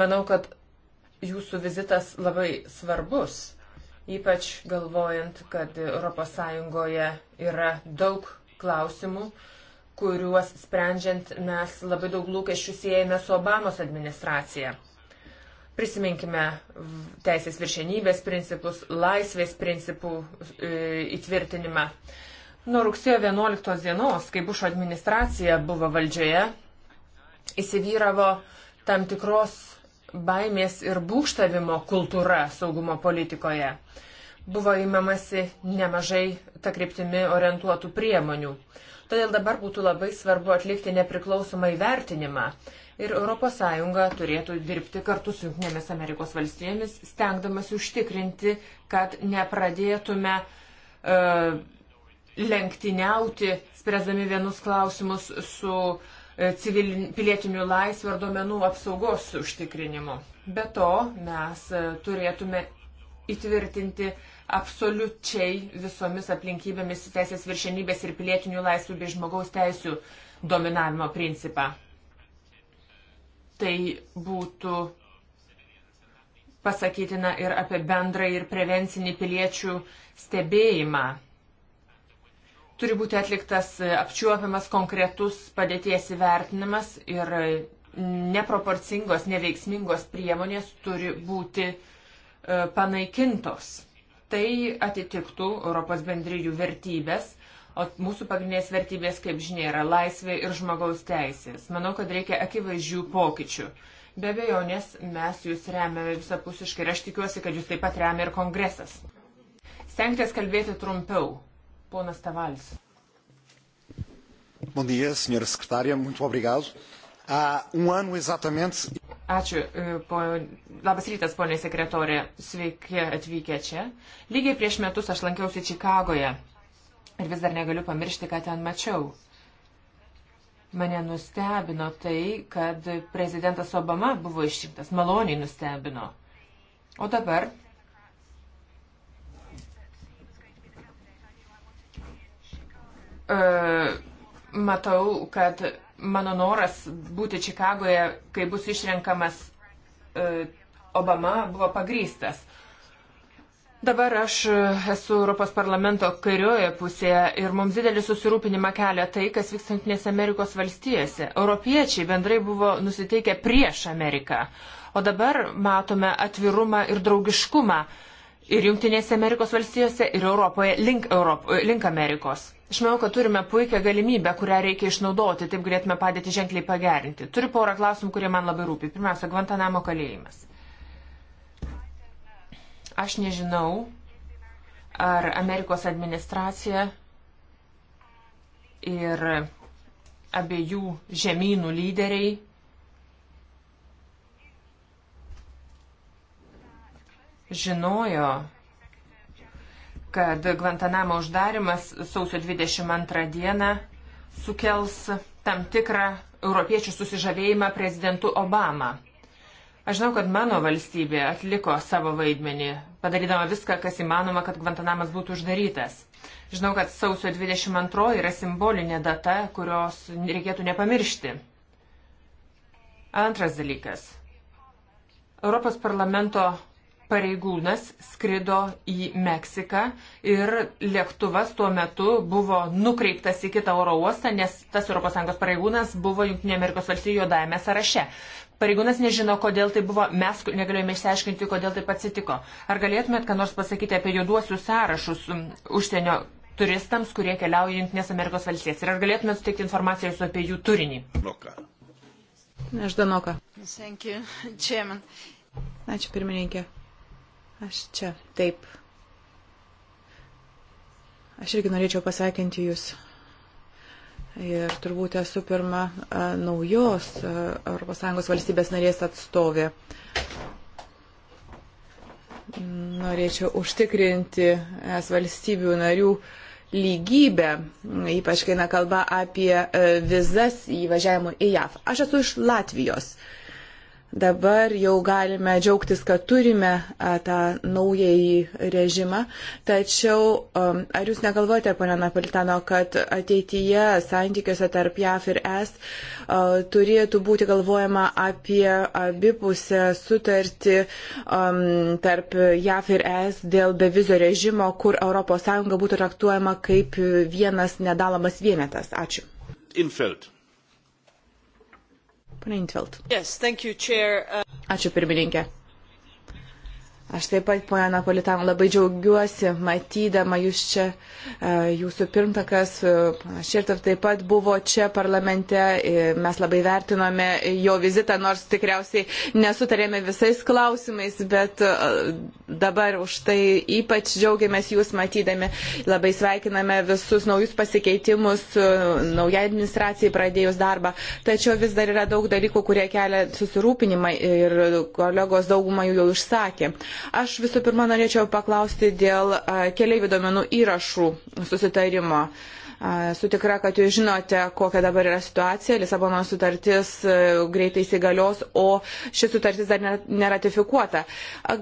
Manau, kad jūsų vizitas labai svarbus, ypač galvojant, kad ES yra daug klausimų, kuriuos sprendžiant mes labai daug lūkesčių siejame su Obamos administracija. Prisiminkime teisės viršenybės principus, laisvės principų e, įtvirtinimą. Nuo rugsėjo 11 dienos, kai Bušo administracija buvo valdžioje, įsivyravo tam tikros baimės ir būkštavimo kultūra saugumo politikoje. Buvo įmamasi nemažai tą kryptimi orientuotų priemonių. Todėl dabar būtų labai svarbu atlikti nepriklausomą įvertinimą ir ES turėtų dirbti kartu su Junktinėmis Amerikos valstijomis, stengdamas užtikrinti, kad nepradėtume uh, lenktyniauti, spręsdami vienus klausimus su uh, E, civilin, pilietinių laisvių ir duomenų apsaugos užtikrinimu. Be to, mes e, turėtume įtvirtinti absoliučiai visomis aplinkybėmis teisės viršenybės ir pilietinių laisvių bei žmogaus teisų dominavimo principą. Tai būtų pasakytina ir apie bendrą ir prevencinį piliečių stebėjimą Turi būti atliktas e, apčiuopiamas konkretus padėties įvertinimas ir e, neproporcingos, neveiksmingos priemonės turi būti e, panaikintos. Tai atitiktų Europos bendryjų vertybės, o mūsų pagrindinės vertybės, kaip žinia, yra laisvė ir žmogaus teisės. Manau, kad reikia akivaizdžių pokyčių. Be abejonės mes jūs remiame visapusiškai ir aš tikiuosi, kad jūs taip pat remia ir kongresas. Stengtės kalbėti trumpiau. Ponas Tavalis. Bom dia, senhora secretária, muito obrigado. Há um ano exatamente. Ačiū, e, po, labas rytas, ponė sekretorė, sveiki atvykę čia. Lygiai prieš metus aš lankiausi Čikagoje ir vis dar negaliu pamiršti, ką ten mačiau. Mane nustebino tai, kad prezidentas Obama buvo išrinktas, maloniai nustebino. O dabar E, matau, kad mano noras būti Čikagoje, kai bus išrenkamas e, Obama, buvo pagrystas. Dabar aš e, esu Europos parlamento kairioje pusėje ir mums didelį susirūpinimą kelia tai, kas vyksta Junktinėse Amerikos valstijose. Europiečiai bendrai buvo nusiteikę prieš Ameriką, o dabar matome atvirumą ir draugiškumą ir Junktinėse Amerikos valstijose, ir Europoje link, Europ, link Amerikos. Aš manau, kad turime puikią galimybę, kurią reikia išnaudoti, taip galėtume padėti ženkliai pagerinti. Turiu porą klausimų, kurie man labai rūpi. Pirmiausia, Guantanamo kalėjimas. Aš nežinau, ar Amerikos administracija ir abiejų žemynų lyderiai žinojo, kad Guantanamo uždarimas sausio 22 dieną sukels tam tikrą europiečių susižavėjimą prezidentu Obama. Aš žinau, kad mano valstybė atliko savo vaidmenį, padarydama viską, kas įmanoma, kad Guantanamas būtų uždarytas. Žinau, kad sausio 22 yra simbolinė data, kurios reikėtų nepamiršti. Antras dalykas. Europos parlamento pareigūnas skrido į Meksiką ir lėktuvas tuo metu buvo nukreiptas į kitą oro uostą, nes tas ES pareigūnas buvo JAV juodajame sąraše. Pareigūnas nežino, kodėl tai buvo, mes negalėjome išsiaiškinti, kodėl taip atsitiko. Ar galėtumėt, ką nors pasakyti apie juoduosius sąrašus užsienio turistams, kurie keliauja Junktinės Amerikos valstijas? Ir ar galėtumėt suteikti informaciją jūsų apie jų turinį? Noka. Aš Danoka. Ačiū pirmininkė. Aš čia, taip. Aš irgi norėčiau pasveikinti Jūs Ir turbūt esu pirma naujos ES valstybės narės atstovė. Norėčiau užtikrinti es valstybių narių lygybę, ypač kai na kalba apie e, vizas įvažiavimo į JAV. Aš esu iš Latvijos. Uh, Dabar jau galime džiaugtis, kad turime tą naująjį režimą. Tačiau um, ar jūs negalvojate, pana Napolitano, kad ateityje santykiuose tarp JAF ir ES turėtų būti galvojama apie abipusę sutartį um, tarp JAF ir ES dėl bevizio režimo, kur ES būtų traktuojama kaip vienas nedalamas vienetas? Ačiū. Infeld. Pane Intvelt. Yes, you, uh, Ačiū pirmininkė. Aš taip pat, ponia Napolitan, labai džiaugiuosi matydama jūs čia. E, jūsų pirmtakas e, Širtav taip pat buvo čia parlamente. E, mes labai vertinome jo vizitą, nors tikriausiai nesutarėme visais klausimais, bet dabar už tai ypač džiaugiamės jūs matydami. Labai sveikiname visus naujus pasikeitimus, nauja administracijai pradėjus darbą. Tačiau vis dar yra daug dalykų, kurie kelia susirūpinimą ir kolegos daugumą jų jau išsakė. Aš visų pirma norėčiau paklausti dėl keliaivių duomenų įrašų susitarimo. Uh, Esu tikra, kad jūs žinote, kokia dabar yra situacija. Lisabono sutartis e, greitai įsigalios, o ši sutartis dar neratifikuota.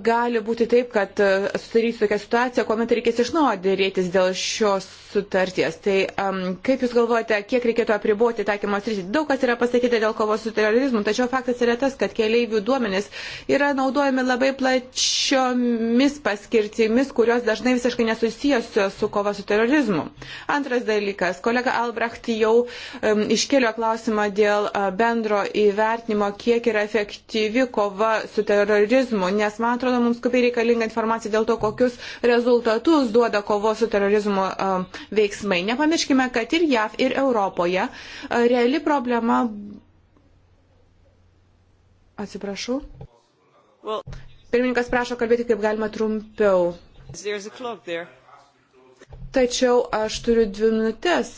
Gali būti taip, kad e, susidarys tokia situacija, kuomet reikės iš naujo dėrėtis dėl šios sutarties. Tai um, kaip jūs galvojate, kiek reikėtų apriboti taikymo sritį? Daug kas yra pasakyta dėl kovos su terorizmu, tačiau faktas yra tas, kad keliaivių duomenys yra naudojami labai plačiomis paskirtimis, kurios dažnai visiškai nesusijusios su kova su terorizmu. Antras dalykas dalykas. Kolega Albrecht jau um, iškėlė klausimą dėl uh, bendro įvertinimo, kiek yra efektyvi kova su terorizmu, nes man atrodo, mums skupiai reikalinga informacija dėl to, kokius rezultatus duoda kovo su terorizmu um, veiksmai. Nepamirškime, kad ir JAV, ir Europoje uh, reali problema. Atsiprašau. Well, Pirmininkas prašo kalbėti kaip galima trumpiau. There's a clock there. Tačiau aš turiu dvi minutės.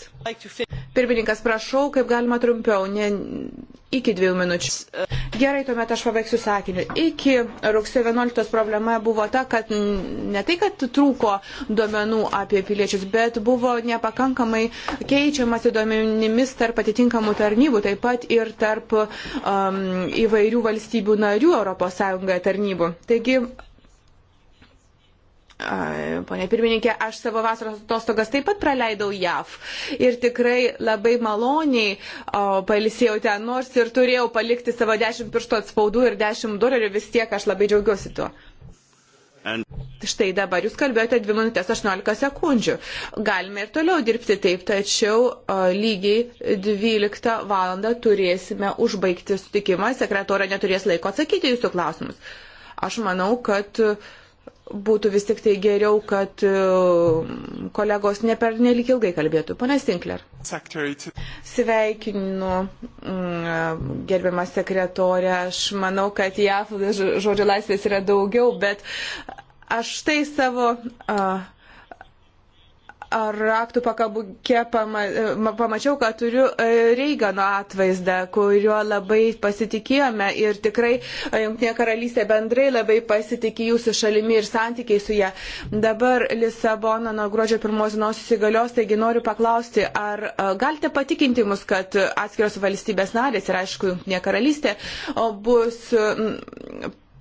Pirmininkas, prašau, kaip galima trumpiau, ne iki dviejų minučių. Gerai, tuomet aš pabaigsiu sakiniu. Iki rugsėjo 11 problema buvo ta, kad ne tai, kad trūko duomenų apie piliečius, bet buvo nepakankamai keičiamasi duomenimis tarp atitinkamų tarnybų, taip pat ir tarp um, įvairių valstybių narių ES tarnybų. Taigi, Pone pirmininkė, aš savo vasaros atostogas taip pat praleidau JAV ir tikrai labai maloniai o, palisėjau ten, nors ir turėjau palikti savo 10 piršto atspaudų ir 10 dolerių, vis tiek aš labai džiaugiuosi tuo. And... Štai dabar jūs kalbėjote 2 minutės 18 sekundžių. Galime ir toliau dirbti taip, tačiau o, lygiai 12 val. turėsime užbaigti sutikimą, sekretorė neturės laiko atsakyti jūsų klausimus. Aš manau, kad uh, būtų vis tik tai geriau, kad e, kolegos ne per nelik ilgai kalbėtų. Pane Stinkler. Sveikinu, mm, e, gerbiamą sekretorę. Aš manau, kad JAF žodžio laisvės yra daugiau, bet aš tai savo. Uh, raktų pakabukė pama, pamačiau, kad turiu e, Reigano atvaizdą, kuriuo labai pasitikėjome ir tikrai e, Junktinė karalystė bendrai labai pasitikė jūsų šalimi ir santykiai su ją. Dabar Lisabona nuo gruodžio pirmos dienos įsigalios, taigi noriu paklausti, ar e, galite patikinti mus, kad atskiros valstybės narės ir aišku Junktinė karalystė bus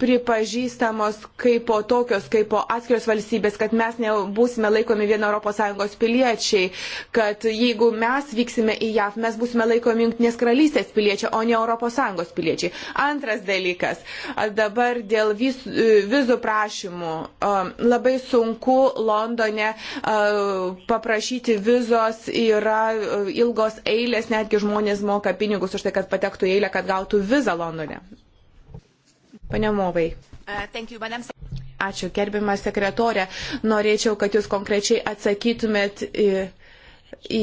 pripažįstamos kaip po tokios, kaip po atskiros valstybės, kad mes nebūsime laikomi vieno ES piliečiai, kad jeigu mes vyksime į JAV, mes būsime laikomi Junktinės karalystės piliečiai, o ne ES piliečiai. Antras dalykas, dabar dėl vis, vizų prašymų. Um, labai sunku Londone uh, paprašyti vizos, yra uh, ilgos eilės, netgi žmonės moka pinigus už tai, kad patektų į eilę, kad gautų vizą Londone. Panemovai. Ačiū, gerbima sekretorė. Norėčiau, kad jūs konkrečiai atsakytumėt į į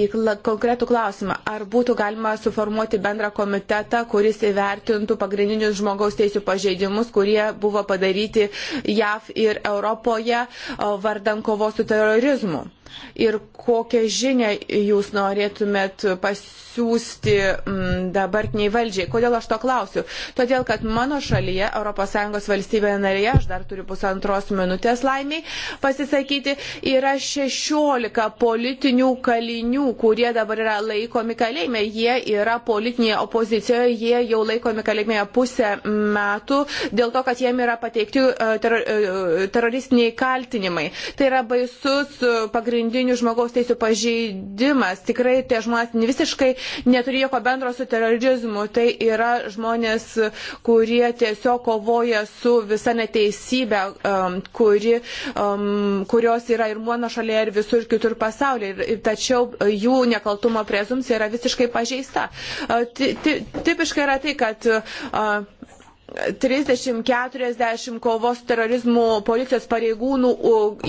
konkretų klausimą, ar būtų galima suformuoti bendrą komitetą, kuris įvertintų pagrindinius žmogaus teisų pažeidimus, kurie buvo padaryti JAV ir Europoje vardan kovos su terorizmu ir kokią žinę jūs norėtumėt pasiūsti mm, dabartiniai valdžiai. Kodėl aš to klausiu? Todėl, kad mano šalyje, ES valstybėje narėje, aš dar turiu pusantros minutės laimiai pasisakyti, yra 16 politinių kalinių, kurie dabar yra laikomi kalėjime. Jie yra politinėje opozicijoje, jie jau laikomi kalėjime pusę metų dėl to, kad jiem yra pateikti e, teror e, teroristiniai kaltinimai. Tai yra baisus e, pagrindinis pagrindinių žmogaus teisų pažeidimas. Tikrai tie žmonės visiškai neturi nieko bendro su terorizmu. Tai yra žmonės, kurie tiesiog kovoja su visa neteisybė, um, kuri, um, kurios yra ir mano šalyje, ir visur kitur pasaulyje. Ir, tačiau jų nekaltumo prezumcija yra visiškai pažeista. Uh, ti, ti, tipiškai yra tai, kad uh, 30-40 kovos terorizmų policijos pareigūnų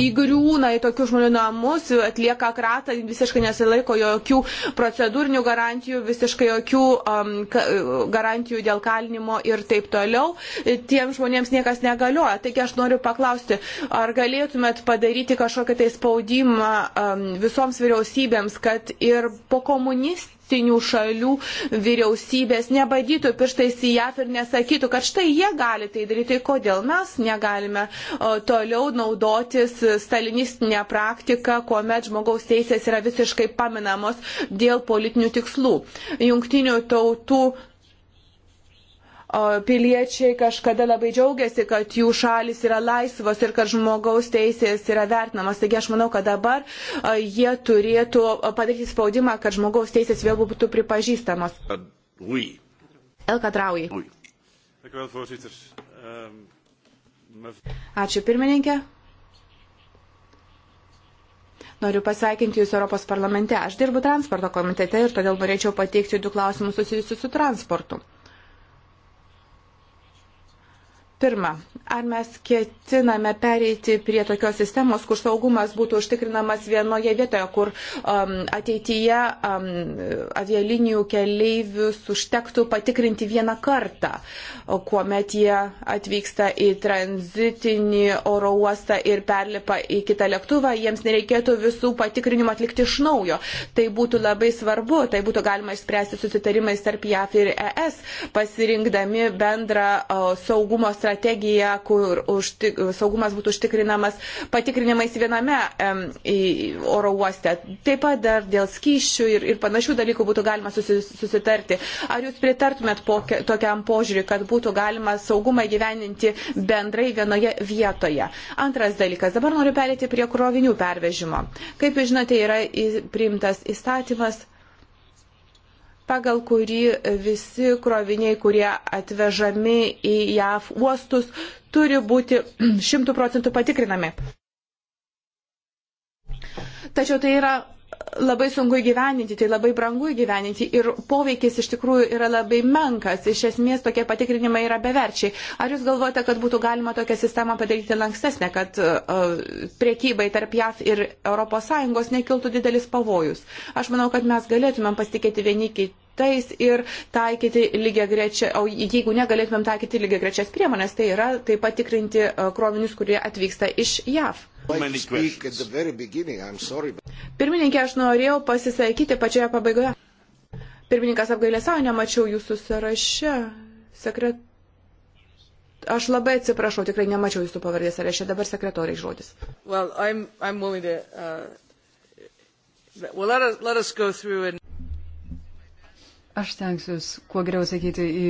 įgriūna į tokių žmonių namus, atlieka kratą, visiškai nesilaiko jokių procedūrinių garantijų, visiškai jokių um, garantijų dėl kalinimo ir taip toliau. Tiem žmonėms niekas negalioja. Taigi aš noriu paklausti, ar galėtumėt padaryti kažkokį tai spaudimą um, visoms vyriausybėms, kad ir po komunistų kaimynystinių šalių vyriausybės nebadytų pirštais į JAF ir nesakytų, kad štai jie gali tai daryti, tai kodėl mes negalime toliau naudotis stalinistinę praktiką, kuomet žmogaus teisės yra visiškai paminamos dėl politinių tikslų. Jungtinių tautų piliečiai kažkada labai džiaugiasi, kad jų šalis yra laisvos ir kad žmogaus teisės yra vertinamas. Taigi aš manau, kad dabar jie turėtų padaryti spaudimą, kad žmogaus teisės vėl būtų pripažįstamos. Elka Trauji. Ehm, Ačiū pirmininkė. Noriu pasveikinti Jūs Europos parlamente. Aš dirbu transporto komitete ir todėl norėčiau pateikti du klausimus susijusius su transportu. Pirma, ar mes ketiname pereiti prie tokios sistemos, kur saugumas būtų užtikrinamas vienoje vietoje, kur um, ateityje um, avialinijų keleivius užtektų patikrinti vieną kartą, kuomet jie atvyksta į tranzitinį oro uostą ir perlipa į kitą lėktuvą, jiems nereikėtų visų patikrinimų atlikti iš naujo. Tai būtų labai svarbu, tai būtų galima išspręsti susitarimais tarp JAF ir ES, pasirinkdami bendrą uh, saugumo strategiją strategiją, kur užtik, saugumas būtų užtikrinamas patikrinimais viename em, oro uoste. Taip pat dar dėl skyšių ir, ir panašių dalykų būtų galima susi, susitarti. Ar jūs pritartumėt po, tokiam požiūriui, kad būtų galima saugumą gyveninti bendrai vienoje vietoje? Antras dalykas. Dabar noriu perėti prie krovinių pervežimo. Kaip jūs žinote, yra priimtas įstatymas pagal kurį visi kroviniai, kurie atvežami į JAV uostus, turi būti šimtų procentų patikrinami. Tačiau tai yra labai sunku įgyveninti, tai labai brangu įgyveninti ir poveikis iš tikrųjų yra labai menkas. Iš esmės tokie patikrinimai yra beverčiai. Ar jūs galvojate, kad būtų galima tokią sistemą padaryti lankstesnę, kad uh, priekybai tarp JAV ir ES nekiltų didelis pavojus? Aš manau, kad mes galėtumėm pasitikėti vieni kitai kitais ir taikyti lygiai grečiai, o jeigu negalėtumėm taikyti lygiai grečias priemonės, tai yra taip pat tikrinti e, krovinius, kurie atvyksta iš JAV. Pirmininkė, aš norėjau pasisakyti pačioje pabaigoje. Pirmininkas apgailė savo, nemačiau jūsų sąraše. Sekret... Aš labai atsiprašau, tikrai nemačiau jūsų pavardės sąraše, dabar sekretoriai žodis. Well, I'm, I'm willing to, uh... Well, let us, let us go through and... Aš stengsiuos kuo geriau sakyti į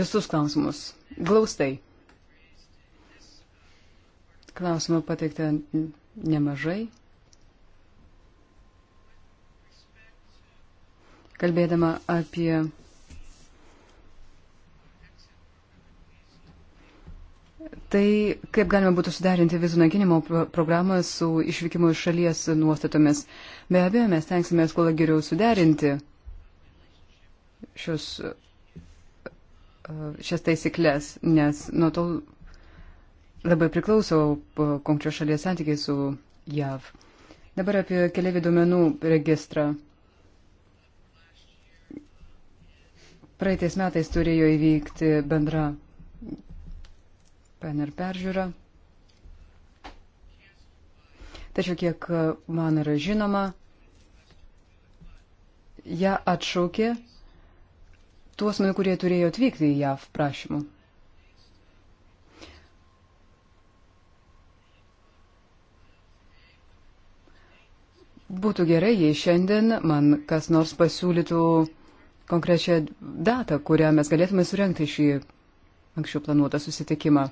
visus klausimus. Glaustai. Klausimų pateikta nemažai. Kalbėdama apie tai, kaip galima būtų suderinti vizų naikinimo programą su išvykimu iš šalies nuostatomis. Be abejo, mes tenksime skolą geriau suderinti šios, šias taisyklės, nes nuo to labai priklauso konkrečios šalies santykiai su JAV. Dabar apie keliaivių duomenų registrą. Praeitais metais turėjo įvykti bendra PNR peržiūra. Tačiau, kiek man yra žinoma, ją atšaukė tų asmenų, kurie turėjo atvykti į JAV prašymų. Būtų gerai, jei šiandien man kas nors pasiūlytų konkrečią datą, kurią mes galėtume surenkti šį anksčiau planuotą susitikimą,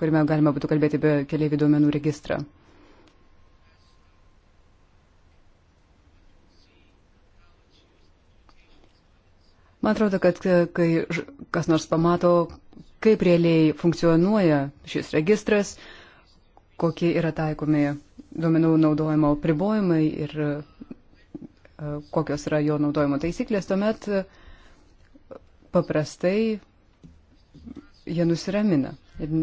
kuriame galima būtų kalbėti apie keliaivių duomenų registrą. Man atrodo, kad kai kas nors pamato, kaip realiai funkcionuoja šis registras, kokie yra taikomi duomenų naudojimo pribojimai ir e, kokios yra jo naudojimo taisyklės, tuomet e, paprastai jie nusiramina. Ir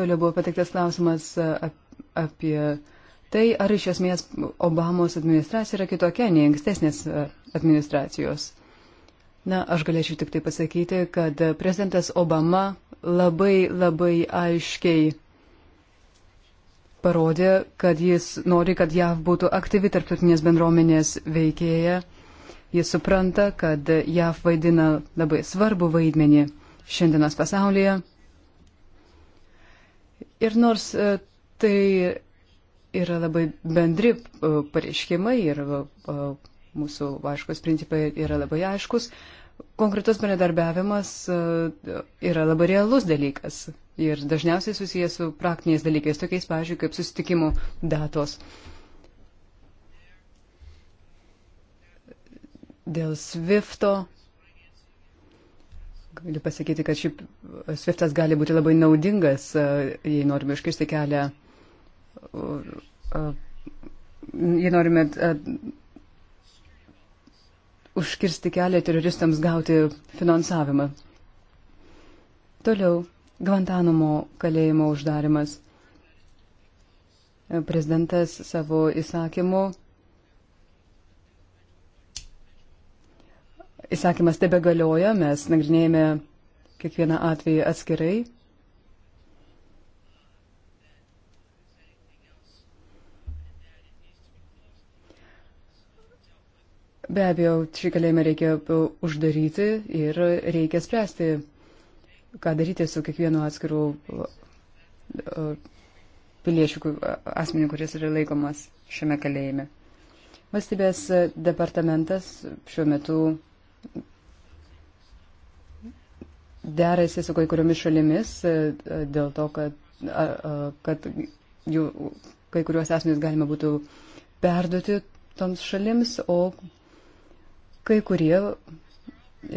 toliau buvo pateiktas klausimas e, apie tai, ar iš esmės Obamos administracija yra kitokia nei ankstesnės e, administracijos. Na, aš galėčiau tik tai pasakyti, kad prezidentas Obama labai labai aiškiai parodė, kad jis nori, kad JAV būtų aktyvi tarptautinės bendruomenės veikėja. Jis supranta, kad JAV vaidina labai svarbu vaidmenį šiandienos pasaulyje. Ir nors e, tai yra labai bendri e, pareiškimai ir e, e, mūsų aiškus principai yra labai aiškus. Konkretus bendradarbiavimas yra labai realus dalykas ir dažniausiai susijęs su praktiniais dalykais, tokiais, pavyzdžiui, kaip susitikimų datos. Dėl Swifto galiu pasakyti, kad šiaip Swiftas gali būti labai naudingas, jei norime iškirsti kelią jei norime užkirsti kelią teroristams gauti finansavimą. Toliau Gvantanamo kalėjimo uždarimas. Prezidentas savo įsakymu. Įsakymas tebe galioja, mes nagrinėjame kiekvieną atvejį atskirai. Be abejo, šį kalėjimą reikia uždaryti ir reikia spręsti, ką daryti su kiekvienu atskiru e, piliečių asmeniu, kuris yra laikomas šiame kalėjime. Valstybės departamentas šiuo metu derasi su kai kuriomis šalimis e, dėl to, kad, kad jų, kai kuriuos asmenys galima būtų perduoti toms šalims, o kai kurie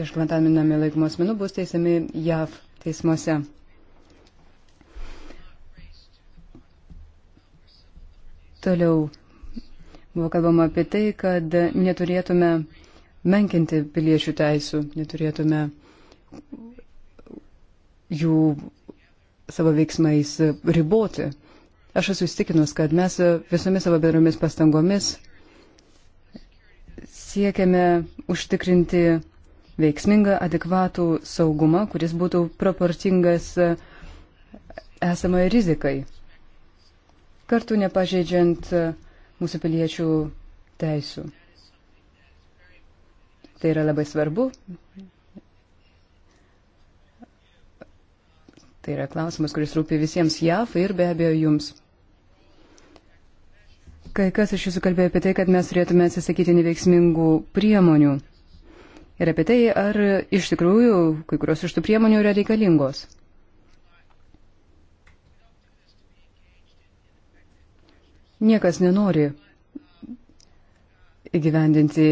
iš Guantanamo laikomų asmenų bus teisiami JAV teismuose. Toliau buvo kalbama apie tai, kad neturėtume menkinti piliečių teisų, neturėtume jų savo veiksmais riboti. Aš esu įstikinus, kad mes visomis savo bendromis pastangomis siekiame užtikrinti veiksmingą, adekvatų saugumą, kuris būtų proporcingas esamai rizikai, kartu nepažeidžiant mūsų piliečių teisų. Tai yra labai svarbu. Tai yra klausimas, kuris rūpi visiems JAF ir be abejo jums. Kai kas iš jūsų kalbėjo apie tai, kad mes turėtume atsisakyti neveiksmingų priemonių. Ir apie tai, ar iš tikrųjų kai kurios iš tų priemonių yra reikalingos. Niekas nenori įgyvendinti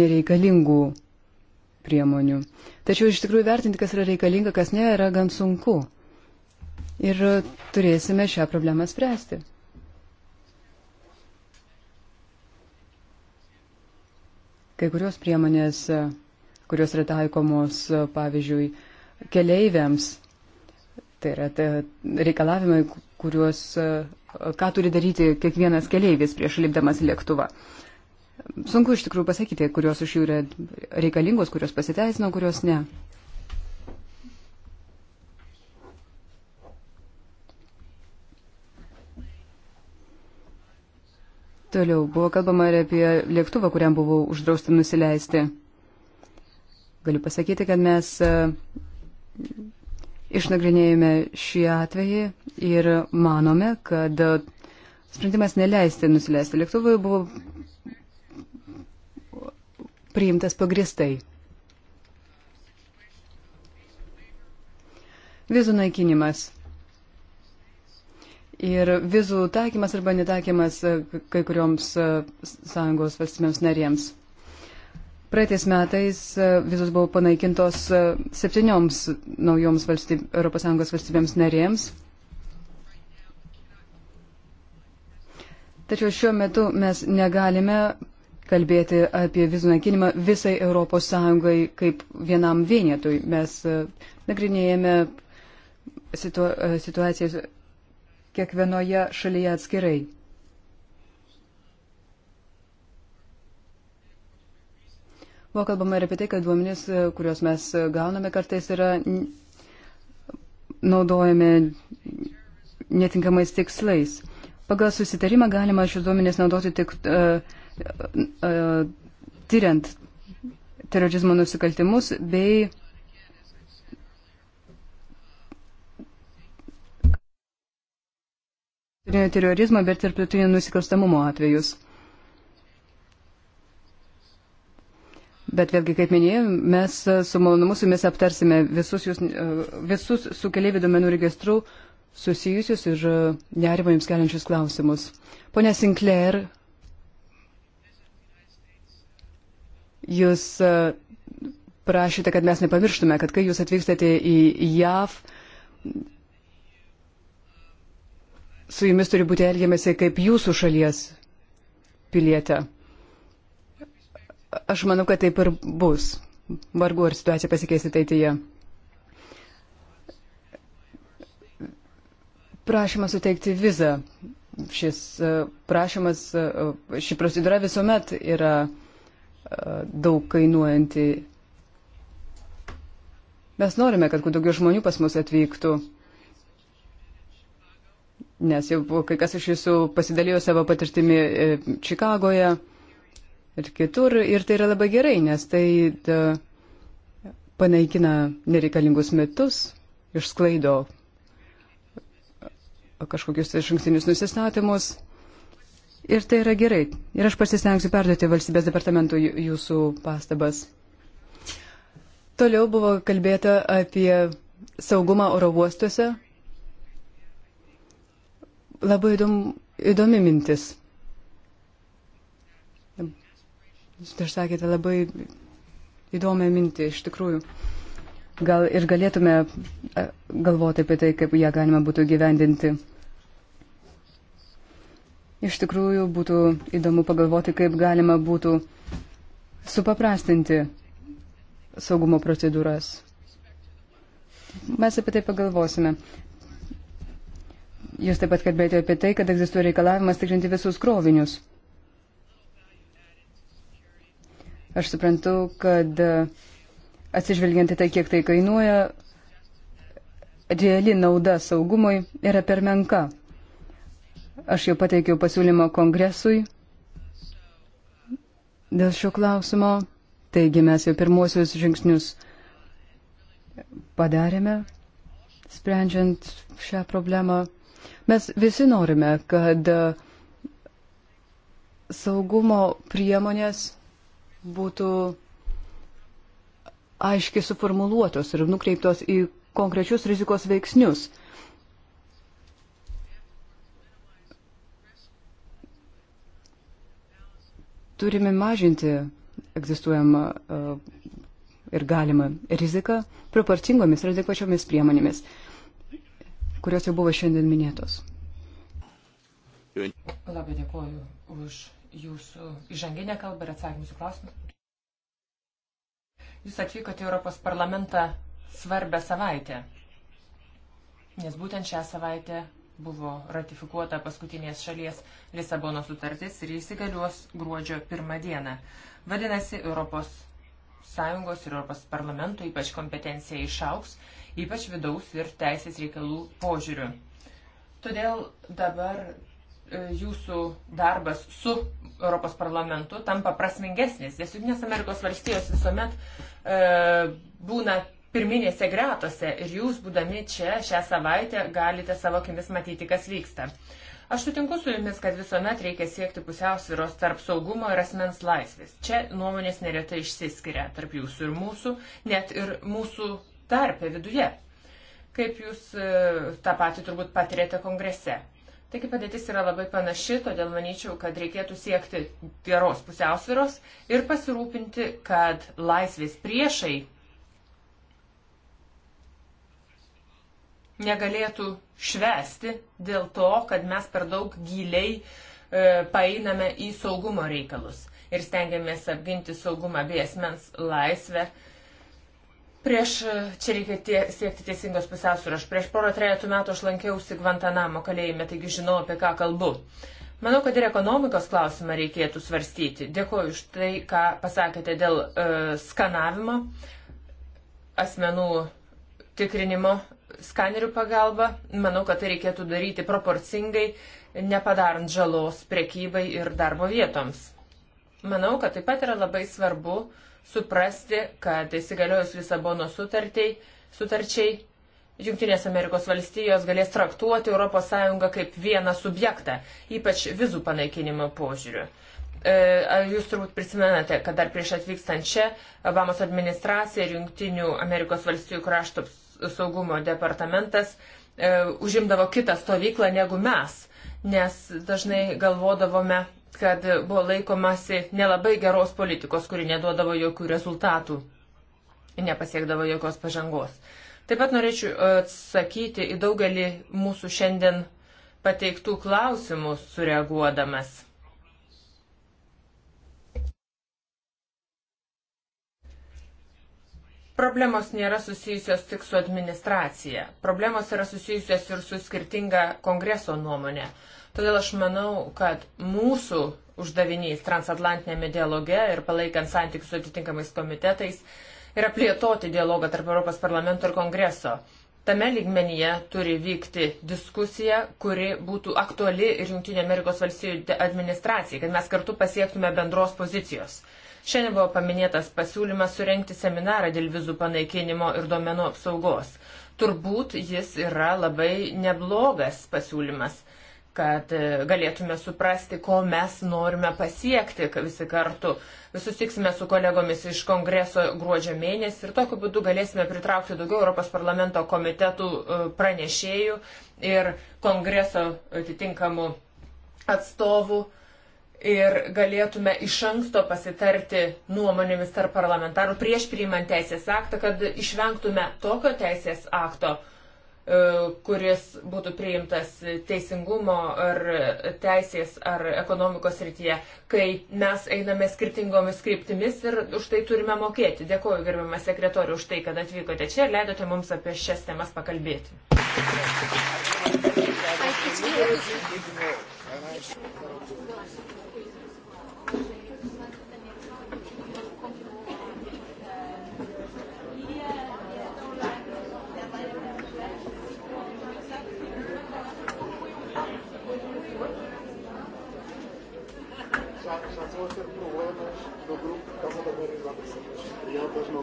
nereikalingų priemonių. Tačiau iš tikrųjų vertinti, kas yra reikalinga, kas ne, yra gan sunku. Ir turėsime šią problemą spręsti. Kai kurios priemonės, kurios yra taikomos, pavyzdžiui, keleiviams, tai yra tai reikalavimai, kuriuos, ką turi daryti kiekvienas keleivis prieš lipdamas lėktuvą. Sunku iš tikrųjų pasakyti, kurios iš jų yra reikalingos, kurios pasiteisino, kurios ne. Toliau buvo kalbama ir apie lėktuvą, kuriam buvo uždrausta nusileisti. Galiu pasakyti, kad mes e, išnagrinėjome šį atvejį ir manome, kad e, sprendimas neleisti nusileisti lėktuvui buvo priimtas pagristai. Vizų naikinimas ir vizų taikymas arba netaikymas e, kai kurioms e, sąjungos valstybėms narėms. Praeitais metais e, vizos buvo panaikintos septynioms naujoms valstyb, ES valstybėms narėms. Tačiau šiuo metu mes negalime kalbėti apie vizų naikinimą visai ES kaip vienam vienetui. Mes nagrinėjame situa situaciją kiekvienoje šalyje atskirai. Buvo kalbama ir apie tai, kad duomenys, kuriuos mes gauname, kartais yra naudojami netinkamais tikslais. Pagal susitarimą galima šios duomenys naudoti tik uh, e, uh, e, e, tyriant terorizmo nusikaltimus bei uh, terorizmo, bet ir plėtinio nusikalstamumo atvejus. Bet vėlgi, kaip minėjau, mes e, su malonumu su jumis aptarsime visus, jūs, e, visus su keliaivių duomenų registru susijusius ir e, nerimą jums keliančius klausimus. Pone Sinclair, jūs prašėte, kad mes nepamirštume, kad kai jūs atvykstate į JAV, su jumis turi būti elgiamasi kaip jūsų šalies pilietė. Aš manau, kad taip ir bus. Vargu ar situacija pasikeis ateityje. Prašymas suteikti vizą. Šis e, prašymas, e, ši procedūra visuomet yra e, daug kainuojanti. Mes norime, kad kuo daugiau žmonių pas mus atvyktų nes jau kai kas iš jūsų pasidalijo savo patirtimi e, Čikagoje ir kitur, ir tai yra labai gerai, nes tai da, e, panaikina nereikalingus mitus, išsklaido e, kažkokius iš ankstinius nusistatymus. Ir tai yra gerai. Ir aš pasistengsiu perduoti valstybės departamentų jūsų pastabas. Toliau buvo kalbėta apie saugumą oro uostuose labai įdom, įdomi mintis. Jūs dar sakėte labai įdomią mintį iš tikrųjų. Gal ir galėtume e, galvoti apie tai, kaip ją galima būtų gyvendinti. Iš tikrųjų būtų įdomu pagalvoti, kaip galima būtų supaprastinti saugumo procedūras. Mes apie tai pagalvosime. Jūs taip pat kalbėjote apie tai, kad egzistuoja reikalavimas tikrinti visus krovinius. Aš suprantu, kad e, atsižvelgiant į tai, kiek tai kainuoja, reali nauda saugumui yra per menka. Aš jau pateikiau pasiūlymą kongresui dėl šio klausimo, taigi mes jau pirmosius žingsnius padarėme, sprendžiant šią problemą. Mes visi norime, kad saugumo priemonės būtų aiškiai suformuluotos ir nukreiptos į konkrečius rizikos veiksnius. Turime mažinti egzistuojamą e, ir galimą riziką proporcingomis ir adekvačiomis priemonėmis kurios jau buvo šiandien minėtos. Labai dėkoju už jūsų įžanginę kalbą ir atsakymus į klausimus. Jūs atvykote į Europos parlamentą svarbę savaitę, nes būtent šią savaitę buvo ratifikuota paskutinės šalies Lisabono sutartis ir įsigaliuos gruodžio pirmą dieną. Vadinasi, Europos Sąjungos ir Europos parlamento ypač kompetencija išauks ypač vidaus ir teisės reikalų požiūriu. Todėl dabar e, jūsų darbas su Europos parlamentu tampa prasmingesnis, nes Junktinės Amerikos valstijos visuomet e, būna pirminėse gretose ir jūs, būdami čia šią savaitę, galite savo akimis matyti, kas vyksta. Aš sutinku su jumis, kad visuomet reikia siekti pusiausviros tarp saugumo ir asmens laisvės. Čia nuomonės neretai išsiskiria tarp jūsų ir mūsų, net ir mūsų tarpe viduje, kaip jūs e, tą patį turbūt patirėte kongrese. Taigi padėtis yra labai panaši, todėl manyčiau, kad reikėtų siekti geros pusiausviros ir pasirūpinti, kad laisvės priešai negalėtų švesti dėl to, kad mes per daug giliai e, paeiname į saugumo reikalus ir stengiamės apginti saugumą bei asmens laisvę Prieš, čia reikia tie, siekti teisingos pusiausvyros, prieš porą trejatų metų aš lankiausi Gvantanamo kalėjime, taigi žinau, apie ką kalbu. Manau, kad ir ekonomikos klausimą reikėtų svarstyti. Dėkuoju už tai, ką pasakėte dėl e, skanavimo, asmenų tikrinimo skanerių pagalba. Manau, kad tai reikėtų daryti proporcingai, nepadarant žalos prekybai ir darbo vietoms. Manau, kad taip pat yra labai svarbu, e, suprasti, kad įsigaliojus Lisabono sutartiai, sutarčiai, Junktinės Amerikos valstijos galės traktuoti ES kaip vieną subjektą, ypač vizų panaikinimo požiūriu. E, jūs turbūt prisimenate, kad dar prieš atvykstant čia Obamos administracija ir Junktinių Amerikos valstijų krašto saugumo departamentas e, užimdavo kitą stovyklą negu mes, nes dažnai galvodavome, kad buvo laikomasi nelabai geros politikos, kuri neduodavo jokių rezultatų ir nepasiekdavo jokios pažangos. Taip pat norėčiau atsakyti į daugelį mūsų šiandien pateiktų klausimų sureaguodamas. Problemos nėra susijusios tik su administracija. Problemos yra susijusios ir su skirtinga kongreso nuomonė. Todėl aš manau, kad mūsų uždavinys transatlantinėme dialoge ir palaikant santykius su atitinkamais komitetais yra plėtoti dialogą tarp Europos parlamento ir kongreso. Tame lygmenyje turi vykti diskusija, kuri būtų aktuali ir Junktinė Amerikos valstybių administracijai, kad mes kartu pasiektume bendros pozicijos. Šiandien buvo paminėtas pasiūlymas surenkti seminarą dėl vizų panaikinimo ir domenų apsaugos. Turbūt jis yra labai neblogas pasiūlymas kad e, galėtume suprasti, ko mes norime pasiekti visi kartu. Susitiksime su kolegomis iš kongreso gruodžio mėnesį ir tokiu būdu galėsime pritraukti daugiau Europos parlamento komitetų e, pranešėjų ir kongreso atitinkamų atstovų ir galėtume iš anksto pasitarti nuomonėmis tarp parlamentarų prieš priimant teisės aktą, kad išvengtume tokio teisės akto, E, kuris būtų priimtas teisingumo ar teisės ar ekonomikos rytyje, kai mes einame skirtingomis kryptimis ir už tai turime mokėti. Dėkuoju, gerbiamas sekretoriu, už tai, kad atvykote čia ir leidote mums apie šias temas pakalbėti. Thank you.